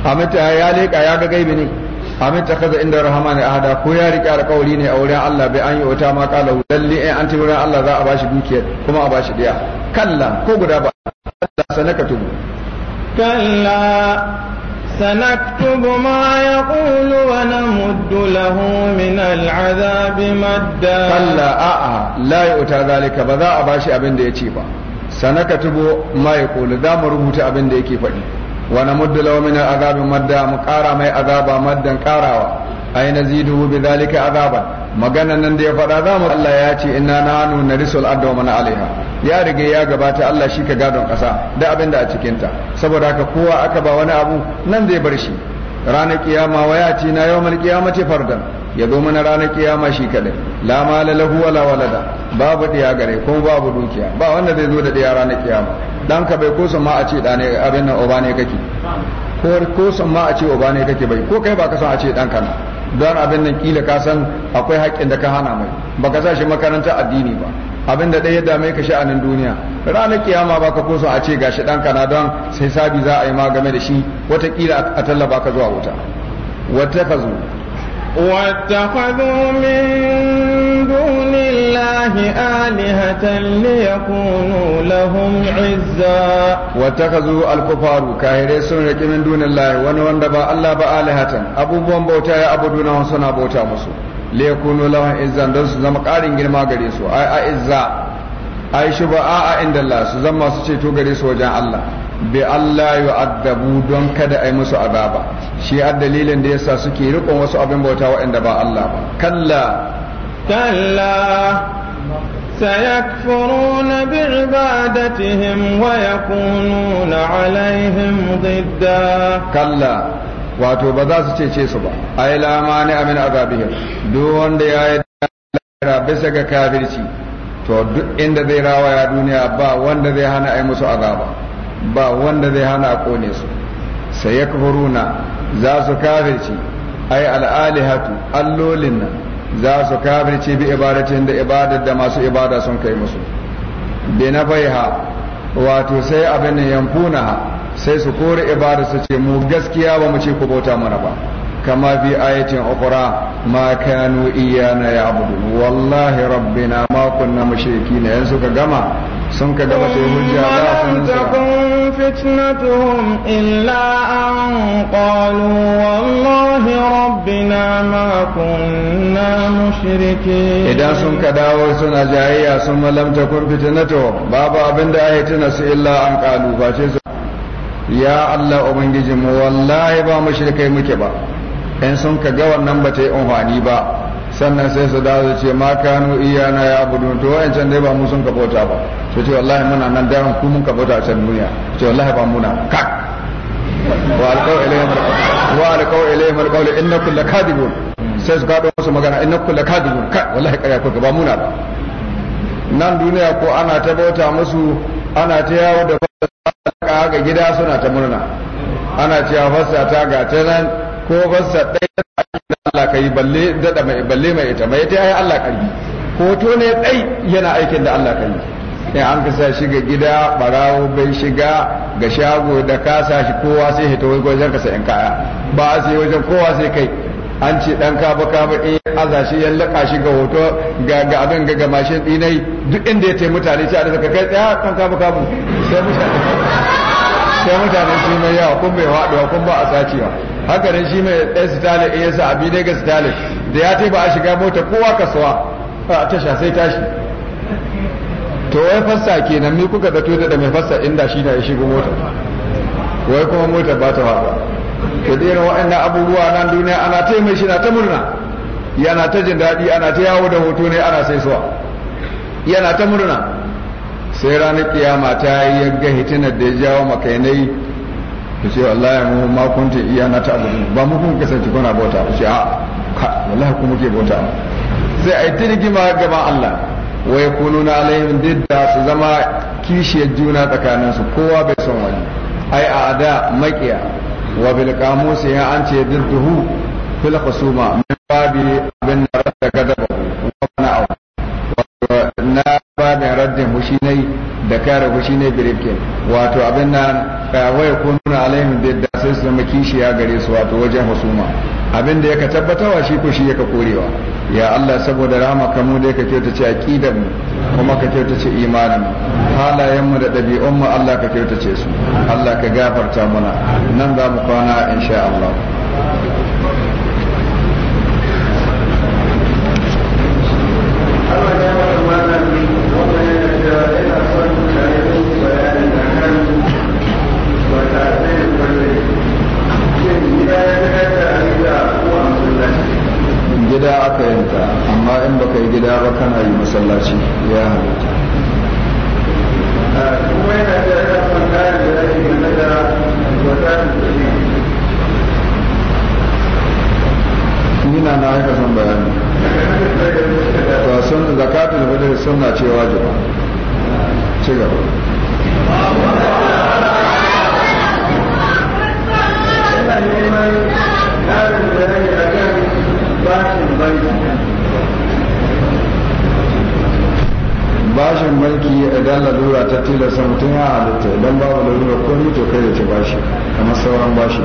amita ya leka ya ga gaibi ne amin ta kaza inda rahama ne ahada ko ya rike alƙawari ne a wurin Allah bai an yi wata ma kala lalle in an wurin Allah za a bashi dukiyar kuma a bashi diya kalla ko guda ba Allah sanaka tubu كلا سنكتب ما يقول ونمد له من العذاب مدا كلا آآ لا يؤتى ذلك بذا أباشي أبن دي يتيبا سنكتب ما يقول ذا مربوط أبن دي يكيبني ونمد له من العذاب مدا مقارا ما عذاب مدا كاراوا ai bi zalika azaban magana nan da ya faɗa za mu Allah ya ce inna na narisul arda wa man alaiha ya riga ya gabata Allah shi ka gadon ƙasa da abin da a cikin ta saboda haka kowa aka ba wani abu nan zai bar shi ranar kiyama waya ce na yawmal ce fardan ya zo mana ranar kiyama shi kadai la mala lahu wala walada babu diya gare ko babu dukiya ba wanda zai zo da diya ranar kiyama dan ka bai kosan ma a ce da ne abin nan oba ne kake ko kosan ma a ce oba ne kake bai ko kai ba ka san a ce dan na. don abin nan kila ka san akwai haƙƙin da ka hana mai baka sa shi makarantar addini ba abin da ɗaya dame ka sha'anin duniya ranar kiyama ba ka koso a ce gashi ɗanka na don sai sabi za a yi ma game da shi watakila a tallaba ka zuwa wuta wata ka zo واتخذوا من دون الله آلهة ليكونوا لهم عزا واتخذوا الكفار كاهري سنة من دون الله ونوان دبا الله بآلهة أبو بوان بوتا يا أبو دونا وصنا بوتا مسو ليكونوا لهم عزا درس زمك آلين جنما قريسو أي أعزا أي شبعاء عند الله سزما سيتو قريسو وجان الله bi Allah ya addabu don kada ai musu azaba shi a dalilin da yasa suke rikon wasu abin bauta waɗanda ba Allah ba kalla kalla سيكفرون بعبادتهم ويكونون عليهم ضدا Kalla. wato ba za su cece su ba ai lama ne amin azabihim Do wanda ya yi bisa ga kafirci to duk inda zai rawaya duniya ba wanda zai hana ai musu azaba ba wanda zai hana a kone su sai ya kafaruna za su kafirci ai al'alihatu allolin nan za su kafirci bi ibadacin da ibadar da masu ibada sun kai musu bi na ha wato sai abin yankuna sai su kore ibada su ce mu gaskiya ba mu ce ku bauta mana ba كما في آية أخرى ما كانوا إيانا يعبدون والله ربنا ما كنا مشركين ينسك جمع سنك جمع تهجى لم تكن فتنتهم إلا أن قالوا والله ربنا ما كنا مشركين إذا سنك داو سنة جاية ثم لم تكن فتنتهم بابا أبن داية تنس إلا أن قالوا فاتزا يا الله أبنجي جمو والله با مشركين مكبا in sun ka ga wannan ba ta yi unhwani ba sannan sai su dawo su ce ma kanu na ya gudu to wayancan dai ba mu sun ka bauta ba to ce wallahi muna nan da ku mun ka bauta a can duniya su ce wallahi ba muna ka wa alqaw marqaw wa alqaw ilayhi marqaw innakum lakadibun sai su gado musu magana innakum lakadibun ka wallahi kaya ku ba muna ba nan duniya ko ana ta bauta musu ana ta yawo da ka ga gida suna ta murna ana cewa fasata ga ta nan ko bazza ɗaya da Allah ka yi balle daɗa mai balle mai ita mai ita ai Allah yi hoto ne ɗai yana aikin da Allah yi. in an kasa shi ga gida barawo bai shiga ga shago da kasa shi kowa sai hito wajen kasa in kaya ba sai wajen kowa sai kai an ce dan ka baka ba in eh, aza shi ya laka shi ga hoto ga ga abin ga mashin dinai duk inda ya taimutane mutane sai a da kai tsaya ah, kan ka baka sai mutane sai mutane shi mai yawa kun bai haɗuwa kun ba a sacewa haka ne shi mai ɗan sitali eh, ya sa abi ne ga sitali da ya taiba a shiga mota kowa kasuwa a tasha sai tashi to wai fassa kenan ni kuka zato da mai fassa inda shi na ya shigo mota wai kuma mota ba ta waɗuwa to da irin wa'annan abubuwa nan duniya ana ta mai shi na ta murna yana ta jin daɗi ana ta yawo da hoto ne ana sai suwa yana ta murna sai ranar kiyama ta yi yagga hitinar da ya jawo makainai ta ce wallahi mu ma kunta iya na ta abudu ba mu kuma kasance kuna bauta ta ce a wallahi kuma muke bauta sai a yi tirgima gaba Allah Wai wa yakununa alaihim didda su zama kishiyar juna tsakaninsu kowa bai son wani ai a ada makiya wa bil qamus ya an ce didduhu fil khusuma min babi abin da gadaba kare ku shine birkin wato abin na nan eh, waya nuna alaihim da sai su zama kishiya gare su wato wajen husuma abin da yaka tabbatawa shi ko shi yaka korewa ya Allah saboda rahama kamu da yaka kyautace aqidan mu kuma ka kyautace imanin halayen mu da dabi'un mu Allah ka kyauta ce su Allah ka gafarta mana nan za mu kwana insha Allah suna ce wajiba ci gaba bashin mulki idan lalura ta tilasta mutum ya halitta idan babu lalura ni to kai da ci bashi kamar sauran bashi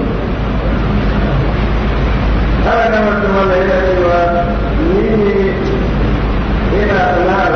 haka na mutum wanda yana cewa ni ne ina sana'ar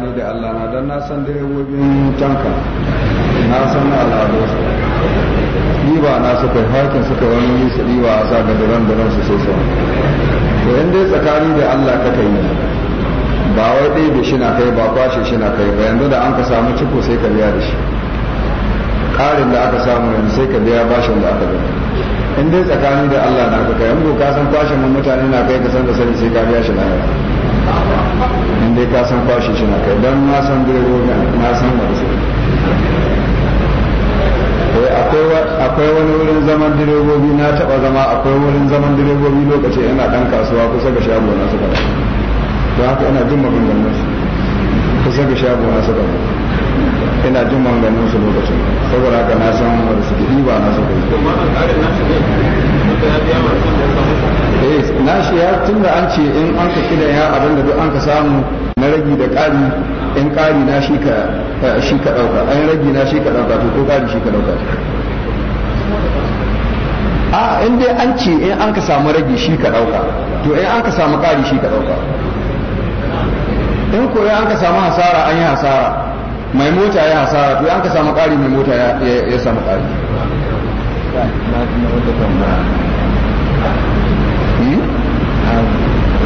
tsakani da Allah na don na san direbobin tanka na san na su ɗiba na suka yi hakin suka wani yi su ɗiba a sa ga duran duran su sai sun to in dai tsakani da Allah ka kai ba wai dai da shi na kai ba kwashe shi na kai ba yanzu da an ka samu ciko sai ka biya da shi ƙarin da aka samu yanzu sai ka biya bashin da aka biya in dai tsakani da Allah na ka kai in ka san kwashe mun mutane na kai ka san da sani sai ka biya shi na kai. inda dai ka san kwashe shi na kai don na san direbobi na san da su eh, akwai wani wurin zaman direbobi na taba zama akwai wurin zaman direbobi lokacin yana dan kasuwa kusa ga shago na suka don haka ina jin maganganun su kusa ga shago na suka ina jin maganganun su lokacin saboda haka na san wanda suke ba na suka yi Eh, na shi ya tun da an ce in an ka kidan ya abin da duk an ka samu na ragi da ƙari in ƙari na shi ka shi ka ɗauka an ragi na shi ka ɗauka to ko ƙari shi ka ɗauka a in dai an ce in an ka samu ragi shi ka ɗauka to in an ka samu ƙari shi ka ɗauka in ko an ka samu hasara an yi hasara mai mota ya hasara to an ka samu ƙari mai mota ya samu ƙari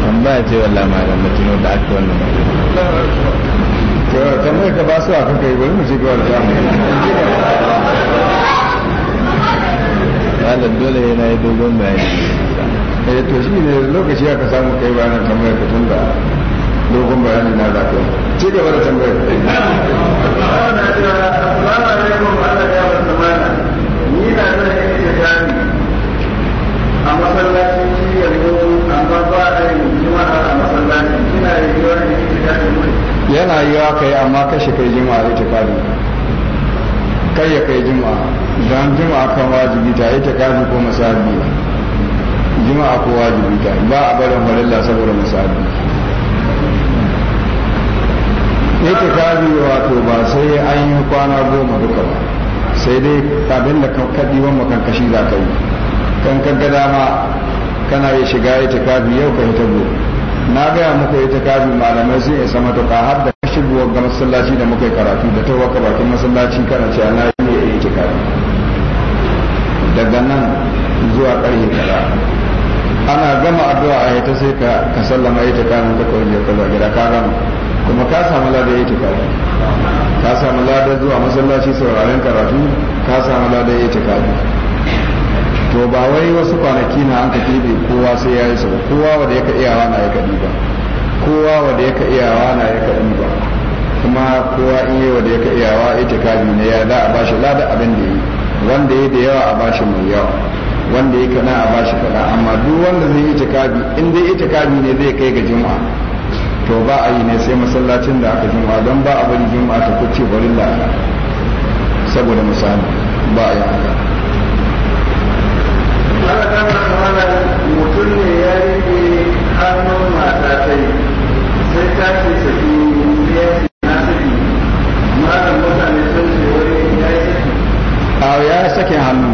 tambaya ce walla malam na tuno da aka wannan ba tambayar ka ba su a kanka yi bari mu ci gaba da malam dole yana yi dogon bayani eh to shi ne lokaci aka samu kai ba na tambayar ka tunda dogon bayani na za ka ci gaba da tambayar assalamu alaikum wa rahmatullahi wa ina yi a amma ba a jima'a a masallacin yana yiwa ka amma kashe kai jima'a kai ya kai jima'a don jima'a kan wajibi ta itikadi ko masabi jima'a ko wajibi ta ba a barin farilla saboda masabi itikadi wato ba sai an yi kwana goma duka ba sai dai abin da kaɗi wani makankashi za ka yi kan kaga dama kana shiga ya ta kafi yau ka hita go na gaya muku ya ta kafi malamai sun isa matuka har da shigowar ga masallaci da muka yi karatu da ta waka bakin masallaci kana ce na yi ya ta kafi daga nan zuwa ƙarfe kaza ana gama addu'a a ita sai ka ka sallama ita kanin da kawai ya kula gida ka gama kuma ka samu lada ita ka ka samu lada zuwa masallaci sauraren karatu ka samu lada ita ka to ba wai wasu kwanaki na an ka ɗibe kowa sai ya yi su kowa wanda yaka iyawa na yaka ɗiba kowa wanda yaka iyawa na yaka ɗiba kuma kowa in yi wanda yaka iyawa ita ka ne ya za a bashi lada abin da yi wanda ya da yawa a bashi mai yawa wanda yake na a bashi kaza amma duk wanda zai yi tikabi in dai itikabi ne zai kai ga juma'a to ba a yi ne sai masallacin da aka juma'a don ba a bari juma'a ta kuce barin lada saboda misali ba a yi haka mutum ne ya rike hannun mata ta yi sai ta ce saki ya ce na saki malam mutane sun ce wani ya yi saki a ya sakin hannu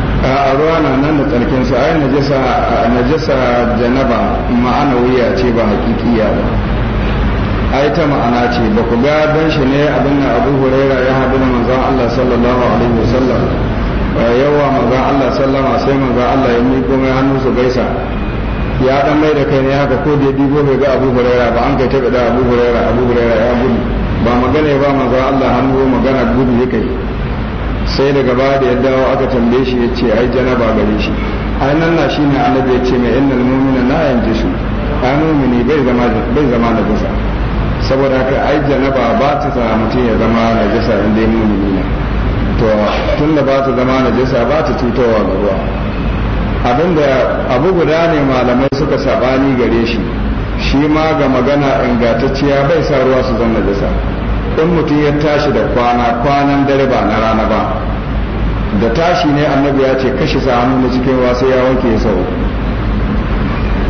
a ruwa na nan da tsarkin su ayi najasa najasa janaba ma'ana wuya ce ba hakikiya ba ai ta ma'ana ce ba ku ga dan shi ne abin da Abu Huraira ya haɗu da manzon Allah sallallahu alaihi wasallam yawa manzon Allah wasallam sai manzon Allah ya miƙo mai hannu su gaisa ya dan mai da kai ne haka ko da dibo bai ga Abu Huraira ba an kai ta da Abu Huraira Abu Huraira ya gudu ba magana ba manzon Allah hannu magana gudu yake kai. sai daga baya da ya dawo aka tambaye shi ya ce ai janaba gare shi ai nan na shine annabi ya ce mai innal mu'mina na yanzu su ai mu'mini bai zama bai zama da jisa. saboda haka ai janaba ba ta sa mutum ya zama na jisa in dai mu'mini ne to tun da ba ta zama na jisa ba ta tutowa ga ruwa abinda abu guda ne malamai suka sabani gare shi shi ma ga magana ingantacciya bai sa ruwa su zama jisa. in mutum ya tashi da kwana kwanan dare ba na rana ba da tashi ne annabi ya ce kashi sa hannu na cikin wasu sai ya wanke ya sau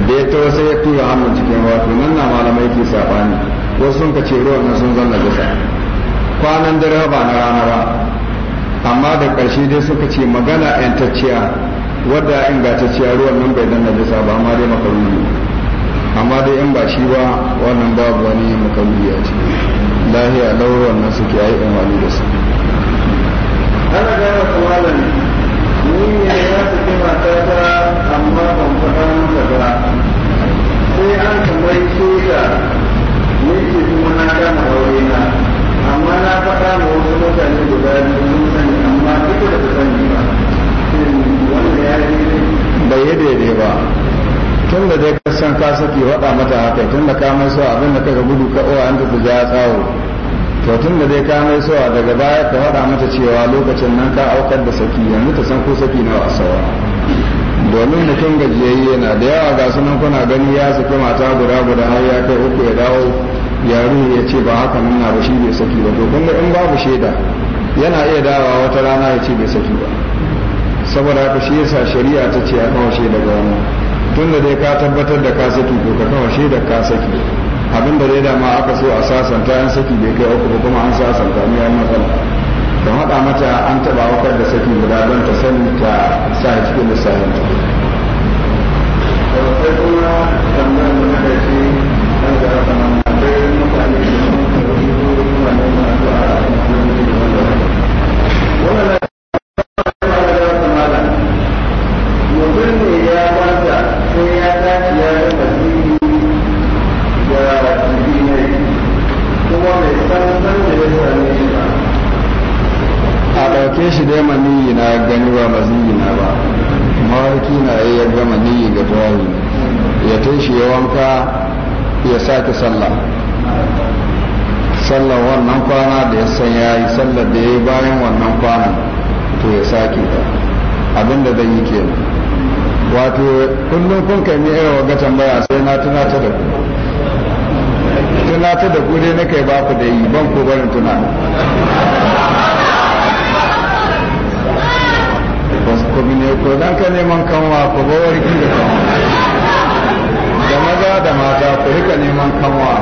da ya tawo sai ya tura hannu cikin wato nan na malamai ke ne wasu sun ka ce ruwan nan sun zanna bisa kwanan dare ba na rana ba amma da ƙarshe dai suka ce magana yantacciya wadda ingantacciya ruwan nan bai danna bisa ba amma dai makaruni amma dai in ba shi ba wannan babu wani makaruni a cikin lahiya lauruwan nan suke yi umarni da su ana gaya ku malam ni ne ya saki matata amma ban faɗa mata ba sai an kamar shida ni ce kuma na kama aure na amma na faɗa ma wasu mutane guda biyu sun sani amma duka da su sani ba shin wanda ya yi bai yi daidai ba tun da dai kasan ka saki waɗa mata haka tun da ka mai so abin da kaga gudu ka owa an tafi ja tsawo to tun da dai ka mai so daga baya ka waɗa mata cewa lokacin nan ka aukar da saki yanzu ta san ko saki na asawa domin mutum gajiyayye na da yawa ga sunan kuna gani ya saki mata guda guda har ya kai uku ya dawo yaro ya ce ba haka nan na ba shi bai saki ba to kun in babu shaida yana iya dawowa wata rana ya ce bai saki ba saboda haka shi yasa shari'a ta ce a kawo shaida ga wannan tun da dai ka tabbatar da ka saki ko ka kawo da ka saki abin da dai dama aka so a sasanta an saki bai kai uku kuma an sasanta ne an matsala don haɗa mata an taɓa wakar da saki guda don ta sani ta sa cikin lissafin ta. kuma tambayar da na da da mutane da ya san ya yi sallar da ya yi bayan wannan kwanan to ya sake ta abinda da zai yi kenan wato kullum kun kai mai irin waga tambaya sai na tunata da ku tunata da ku dai na kai baku da yi ban ko barin tuna ku ne ko dan ka neman kanwa ku ba warki da kanwa da maza da mata ku rika neman kanwa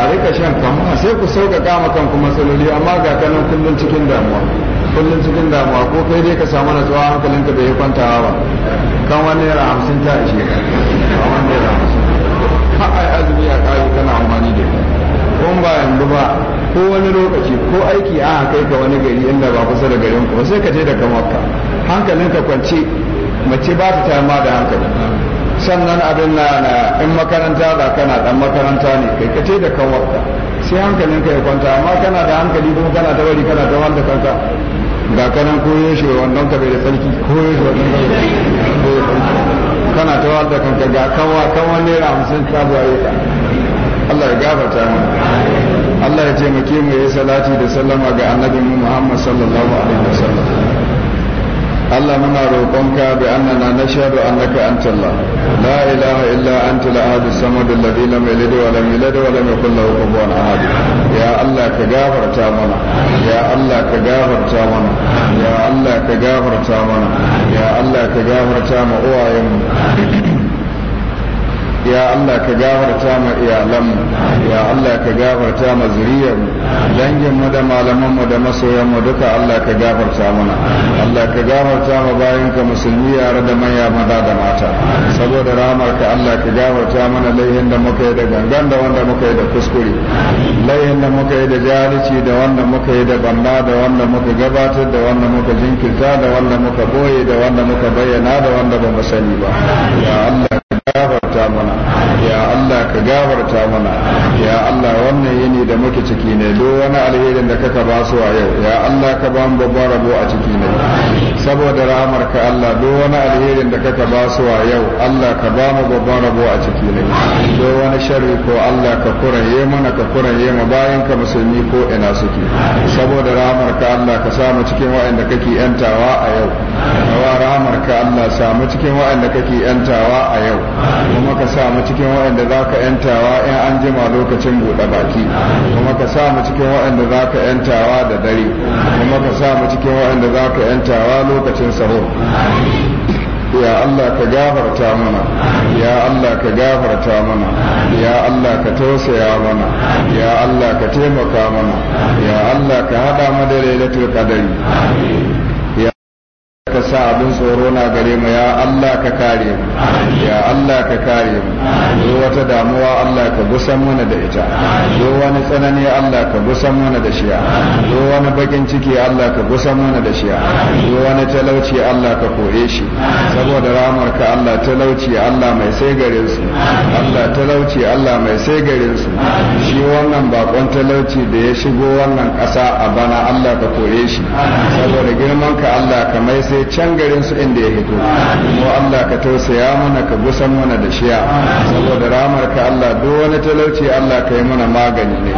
a rika shan kama sai ku kama kan kuma matsaloli amma ga kanan kullum cikin damuwa kullum cikin damuwa ko kai dai ka samu hankalin hankalinka bai yi kwantawa ba kan wani naira hamsin ta ishe ka kan wani naira hamsin ha ai azumi a kayu kana amfani da ita kun ba yanzu ba ko wani lokaci ko aiki a kai ka wani gari inda ba kusa da garin ku sai ka je da hankalin hankalinka kwance mace ba ta tayar ma da hankali sannan abin na na in makaranta da kana dan makaranta ne kai kace da kawarka sai hankalin ka ya kwanta amma kana da hankali kuma kana da wari kana da wanda kanka ga kanan koyo shi wannan ka bai da sarki koyo shi wannan ka da kana ta wanda kanka ga kawa kawa ra hamsin ta buwaye ka Allah ya gafarta mu Allah ya taimake mu ya yi salati da sallama ga annabi Muhammad sallallahu alaihi wasallam Allah muna roƙonka bi annana nashhadu annaka anta Allah la ilaha illa anta al-ahad as alladhi lam yalid wa lam yulad wa lam yakul lahu kufuwan ahad ya Allah ka gafarta mana ya Allah ka gafarta mana ya Allah ka gafarta mana ya Allah ka gafarta ya Allah ka gafarta ma iyalanmu ya Allah ka gafarta ma zuriyarmu danginmu da malamanmu da masoyanmu duka Allah ka gafarta mana Allah ka gafarta ma bayanka musulmi yare da manya maza da mata saboda ramar ka Allah ka gafarta mana laihin da muka yi da gangan da wanda muka yi da kuskure laihin da muka yi da jahilci da wanda muka yi da banda da wanda muka gabatar da wanda muka jinkirta da wanda muka boye da wanda muka bayyana da wanda ba mu ba ya Allah ta mana ya Allah ka gafarta mana ya Allah wannan yini da muke ciki ne duk wani alherin da kaka ba su a yau ya Allah ka ba mu babbar rabo a ciki ne saboda rahmar ka Allah duk wani alherin da kaka ba su a yau Allah ka ba mu babbar rabo a ciki ne duk wani sharri ko Allah ka kuraye mana ka kuraye mu bayan ka musulmi ko ina suke saboda rahmar ka Allah ka samu cikin waɗanda kake yantawa a yau wa rahmar ka Allah samu cikin waɗanda kake yantawa a yau kuma ka samu cikin waɗanda za ka ‘yantawa in an jima lokacin buɗe baki kuma ka sa mu cikin waɗanda za ka ‘yantawa da dare kuma ka sa mu cikin waɗanda za ka ‘yantawa lokacin sahur ya Allah ka gafarta mana ya Allah ka gafarta mana ya Allah ka tausaya mana ya Allah ka taimaka mana ya Allah ka haɗa mu da lailatul qadari ka sa abin tsoro na gare mu ya Allah ka kare mu ya Allah ka kare mu duk wata damuwa Allah ka gusan mana da ita duk wani tsanani Allah ka gusan mana da shi duk wani bakin ciki Allah ka gusan mana da shi duk wani talauci Allah ka kore shi saboda ramar ka Allah talauci Allah mai sai garin su Allah talauci Allah mai sai garin su shi wannan bakon talauci da ya shigo wannan ƙasa a bana Allah ka kore shi saboda girman ka Allah ka mai sai kai can garin su inda ya fito mu Allah ka tausaya mana ka gusan mana da shiya saboda ramar ka Allah duk wani talauci Allah ka yi mana magani ne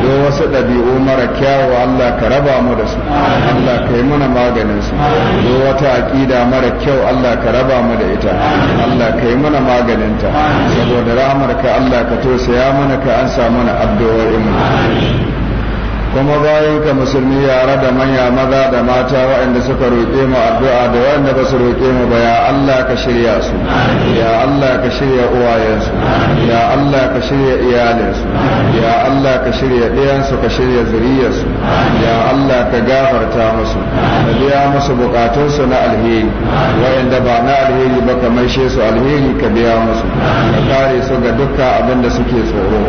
duk wasu ɗabi'u mara kyawu Allah ka raba mu da su Allah ka yi mana maganin su duk wata aqida mara kyau Allah ka raba mu da ita Allah ka yi mana maganin ta saboda ramar ka Allah ka tausaya mana ka an sa mana addu'o'in mu kuma bayan ka musulmi yara da manya maza da mata waɗanda suka roƙe mu addu'a da waɗanda ba su roƙe mu ba ya Allah ka shirya su ya Allah ka shirya uwayensu ya Allah ka shirya iyalinsu ya Allah ka shirya ɗayansu ka shirya zuriyarsu ya Allah ka gafarta musu ka biya musu bukatunsu na alheri waɗanda ba na alheri ba ka maishe su alheri ka biya musu ka kare su ga dukkan abin da suke tsoro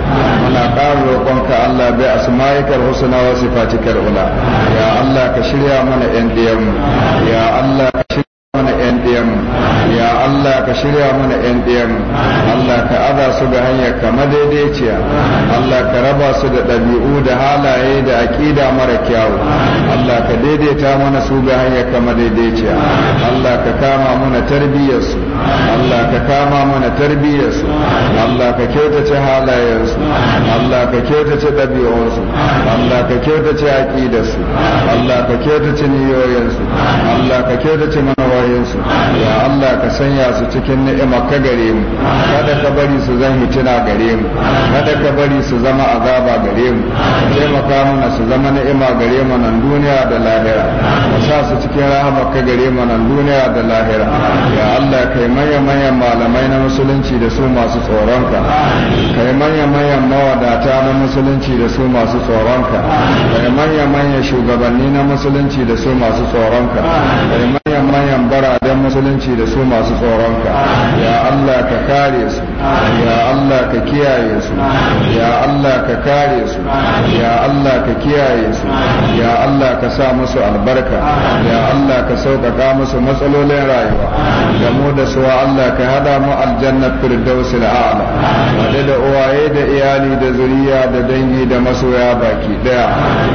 muna ƙara ka Allah bai asma'ikar husna wasu fatikar ula ya Allah ka shirya mana 'yan biyan mu mana ‘yan ya Allah ka shirya mana ‘yan ɗiyanmu, Allah ka aza su ga hanyar kama daidaiciya, Allah ka raba su da ɗabi'u da halaye da aƙida mara kyawu, Allah ka daidaita mana su ga hanyar kama daidaiciya, Allah ka kama mana tarbiyyarsu, Allah ka kama mana tarbiyyarsu, Allah ka kyautace halayensu, Allah ka kyautace ɗabi'unsu, Allah ka kyautace aƙidarsu, Allah ka kyautace niyoyinsu, Allah ka kyautace mana damuwoyinsu ya Allah ka sanya su cikin ni'ima ka gare mu kada ka bari su zan hitina gare mu kada ka bari su zama azaba gare mu taimaka mana su zama ni'ima gare mu nan duniya da lahira ka sa su cikin rahama ka gare mu nan duniya da lahira ya Allah kai manya manyan malamai na musulunci da su masu tsoronka kai manya manyan mawadata na musulunci da su masu tsoronka kai manya manyan shugabanni na musulunci da su masu tsoronka bara baraden musulunci da su masu tsoronka ya Allah ka kare su ya Allah ka kiyaye su ya Allah ka kare su ya Allah ka kiyaye su ya Allah ka sa musu albarka ya Allah ka sauƙaƙa musu matsalolin rayuwa da mu da su Allah ka hada mu aljanna firdausi ala wadda da uwaye da iyali da zuriya da dangi da masoya baki daya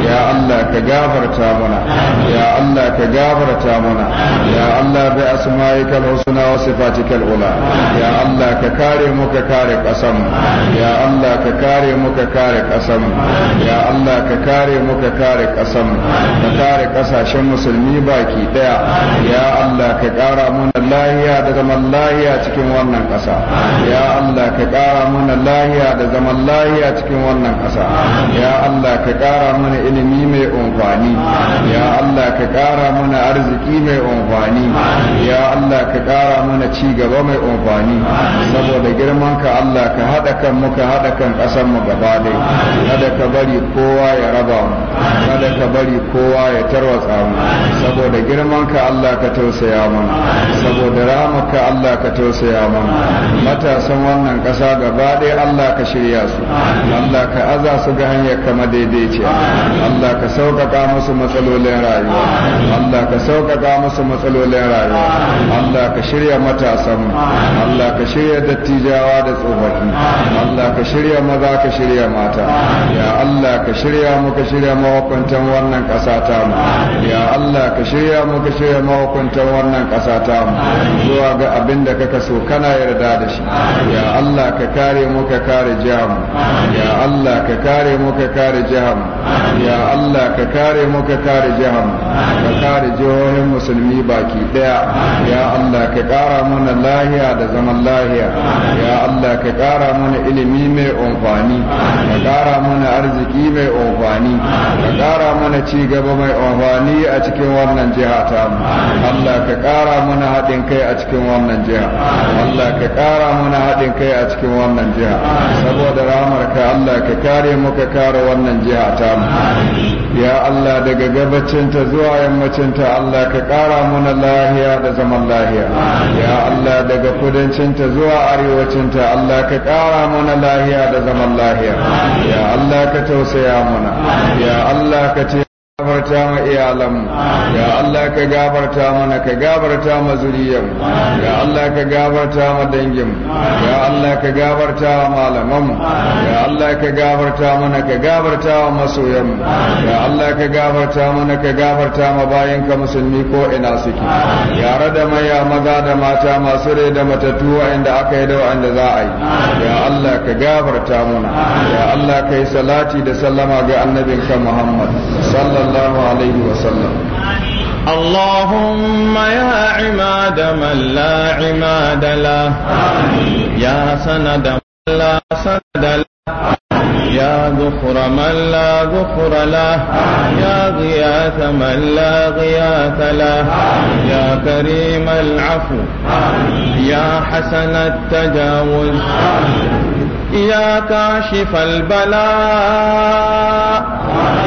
ya Allah ka gafarta mana ya Allah ka gafarta mana يا الله بأسمائك الحسنى وصفاتك الأولى يا الله ككاري مككاري قسم يا الله ككاري مككاري قسم يا الله ككاري مككاري قسم ككاري قساشن musulmi baki ɗaya. ya Allah ka kara mana lahiya da zaman lahiya cikin wannan ƙasa ya Allah ka kara lahiya da zaman lahiya cikin wannan ƙasa ya Allah ka kara ilimi mai amfani ya Allah ka kara arziki mai umfani ya Allah ka ƙara mana ci gaba mai umfani saboda girman ka Allah ka haɗa kan mu ka haɗa kan ƙasar mu gaba dai kada ka bari kowa ya raba mu kada ka bari kowa ya tarwatsa mu saboda girman ka Allah ka tausaya mana saboda rahama ka Allah ka tausaya mana matasan wannan ƙasa gaba dai Allah ka shirya su Allah ka aza su ga hanyar kama daidai ce Allah ka sauƙaƙa musu matsalolin rayuwa Allah ka sauƙaƙa musu matsalolin rayuwa Allah ka shirya matasan Allah ka shirya dattijawa da tsofaffi Allah ka shirya maza ka shirya mata ya Allah ka shirya mu ka shirya mahukuntan wannan ƙasa ta mu ya Allah ka shirya mu ka shirya mahukuntan wannan ƙasa ta mu zuwa ga abin da kaka so kana yarda da shi ya Allah ka kare mu ka kare jihar ya Allah ka kare mu ka kare jihar ya Allah ka kare mu ka kare jihar ka kare jihohin musulmi baki daya ya Allah ka kara mana lahiya da zaman lahiya ya Allah ka kara mana ilimi mai amfani ka kara mana arziki mai amfani ka kara mana ci gaba mai amfani a cikin wannan jiha ta mu. Allah ka kara mana haɗin kai a cikin wannan jiha Allah ka kara mana haɗin kai a cikin wannan jiha saboda ka Allah ka kare mu ka kare wannan jiha ta mu. ya Allah daga gabacinta zuwa yammacinta Allah ka kara muna lahiya da zaman lahiya ya Allah daga kudancinta zuwa arewacinta Allah ka ƙara mana lahiya da zaman lahiya ya Allah ka tausaya mana. ya Allah ka ce gabarta ma iyalanmu ya Allah ka gabarta mana ka gabarta ma zuriyarmu ya Allah ka gabarta ma danginmu ya Allah ka gabarta ma malamanmu ya Allah ka gabarta mana ka gabarta wa masoyanmu ya Allah ka gabarta mana ka gabarta ma bayan ka musulmi ko ina suke yare da maya maza da mata masu rai da matattu inda aka yi da wanda za a yi ya Allah ka gabarta mana ya Allah ka yi salati da sallama ga annabinka Muhammad sallallahu الله عليه وسلم اللهم يا عماد من لا عماد له يا سند من لا سند له يا ذخر من لا ذخر له يا غياث من لا غياث له يا كريم العفو يا حسن التجاوز يا كاشف البلاء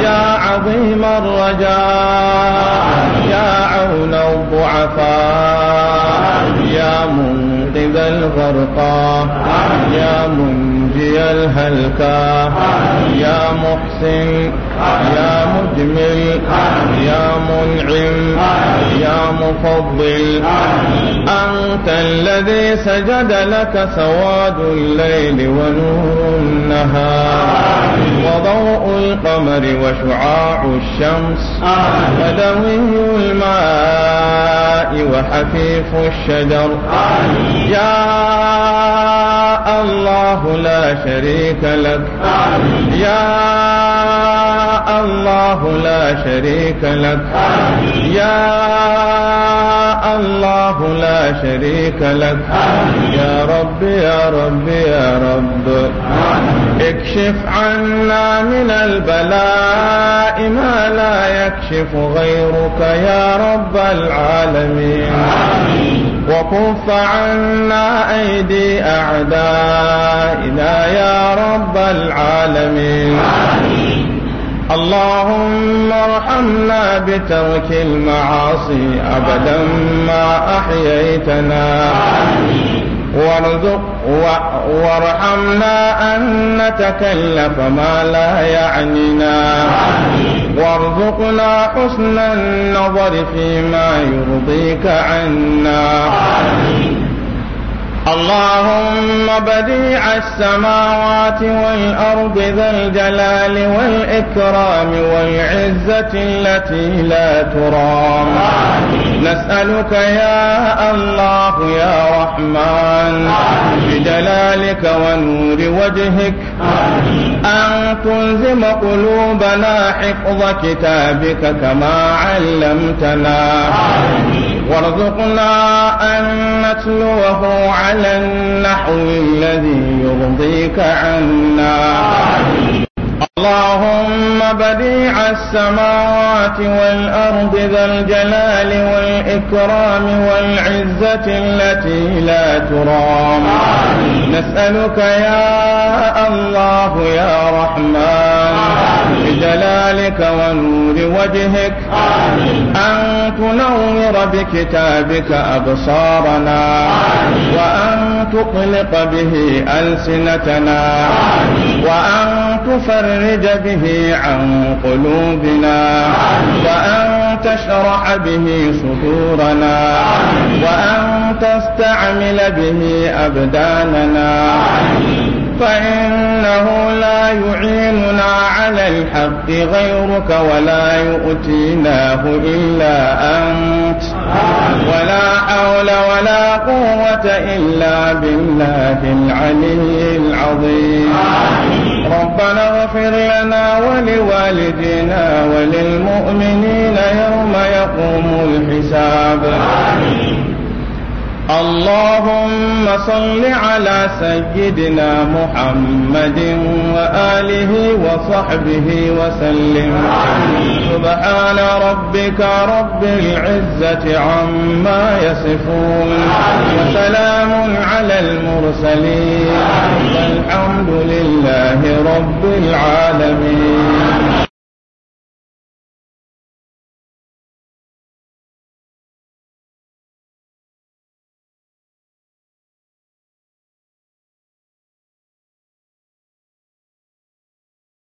يا عظيم الرجاء يا عون الضعفاء يا منقذ الغرقى يا منجي الهلكى يا محسن يا مجمل يا منعم يا مفضل أنت الذي سجد لك سواد الليل ونور النهار وضوء القمر وشعاع الشمس ودوي الماء وحفيف الشجر يا الله لا شريك لك يا الله لا شريك لك يا الله لا شريك لك يا رب يا رب يا رب اكشف عنا من البلاء ما لا يكشف غيرك يا رب العالمين وكف عنا أيدي أعدائنا يا رب العالمين اللهم ارحمنا بترك المعاصي أبدا ما أحييتنا وارزق وارحمنا أن نتكلف ما لا يعنينا وارزقنا حسن النظر فيما يرضيك عنا اللهم بديع السماوات والأرض ذا الجلال والإكرام والعزة التي لا ترام نسألك يا الله يا رحمن بجلالك ونور وجهك أن تلزم قلوبنا حفظ كتابك كما علمتنا وارزقنا أن نتلوه على النحو الذي يرضيك عنا اللهم بديع السماوات والأرض ذا الجلال والإكرام والعزة التي لا ترام نسألك يا الله يا رحمن جلالك ونور وجهك آمين أن تنور بكتابك أبصارنا آمين وأن تقلق به ألسنتنا آمين وأن تفرج به عن قلوبنا آمين وأن تشرح به صدورنا آمين وأن تستعمل به أبداننا آمين فإنه لا يعيننا على الحق غيرك ولا يؤتيناه إلا أنت ولا حول ولا قوة إلا بالله العلي العظيم ربنا اغفر لنا ولوالدنا وللمؤمنين يوم يقوم الحساب آمين اللهم صل على سيدنا محمد وآله وصحبه وسلم سبحان ربك رب العزة عما يصفون وسلام على المرسلين والحمد لله رب العالمين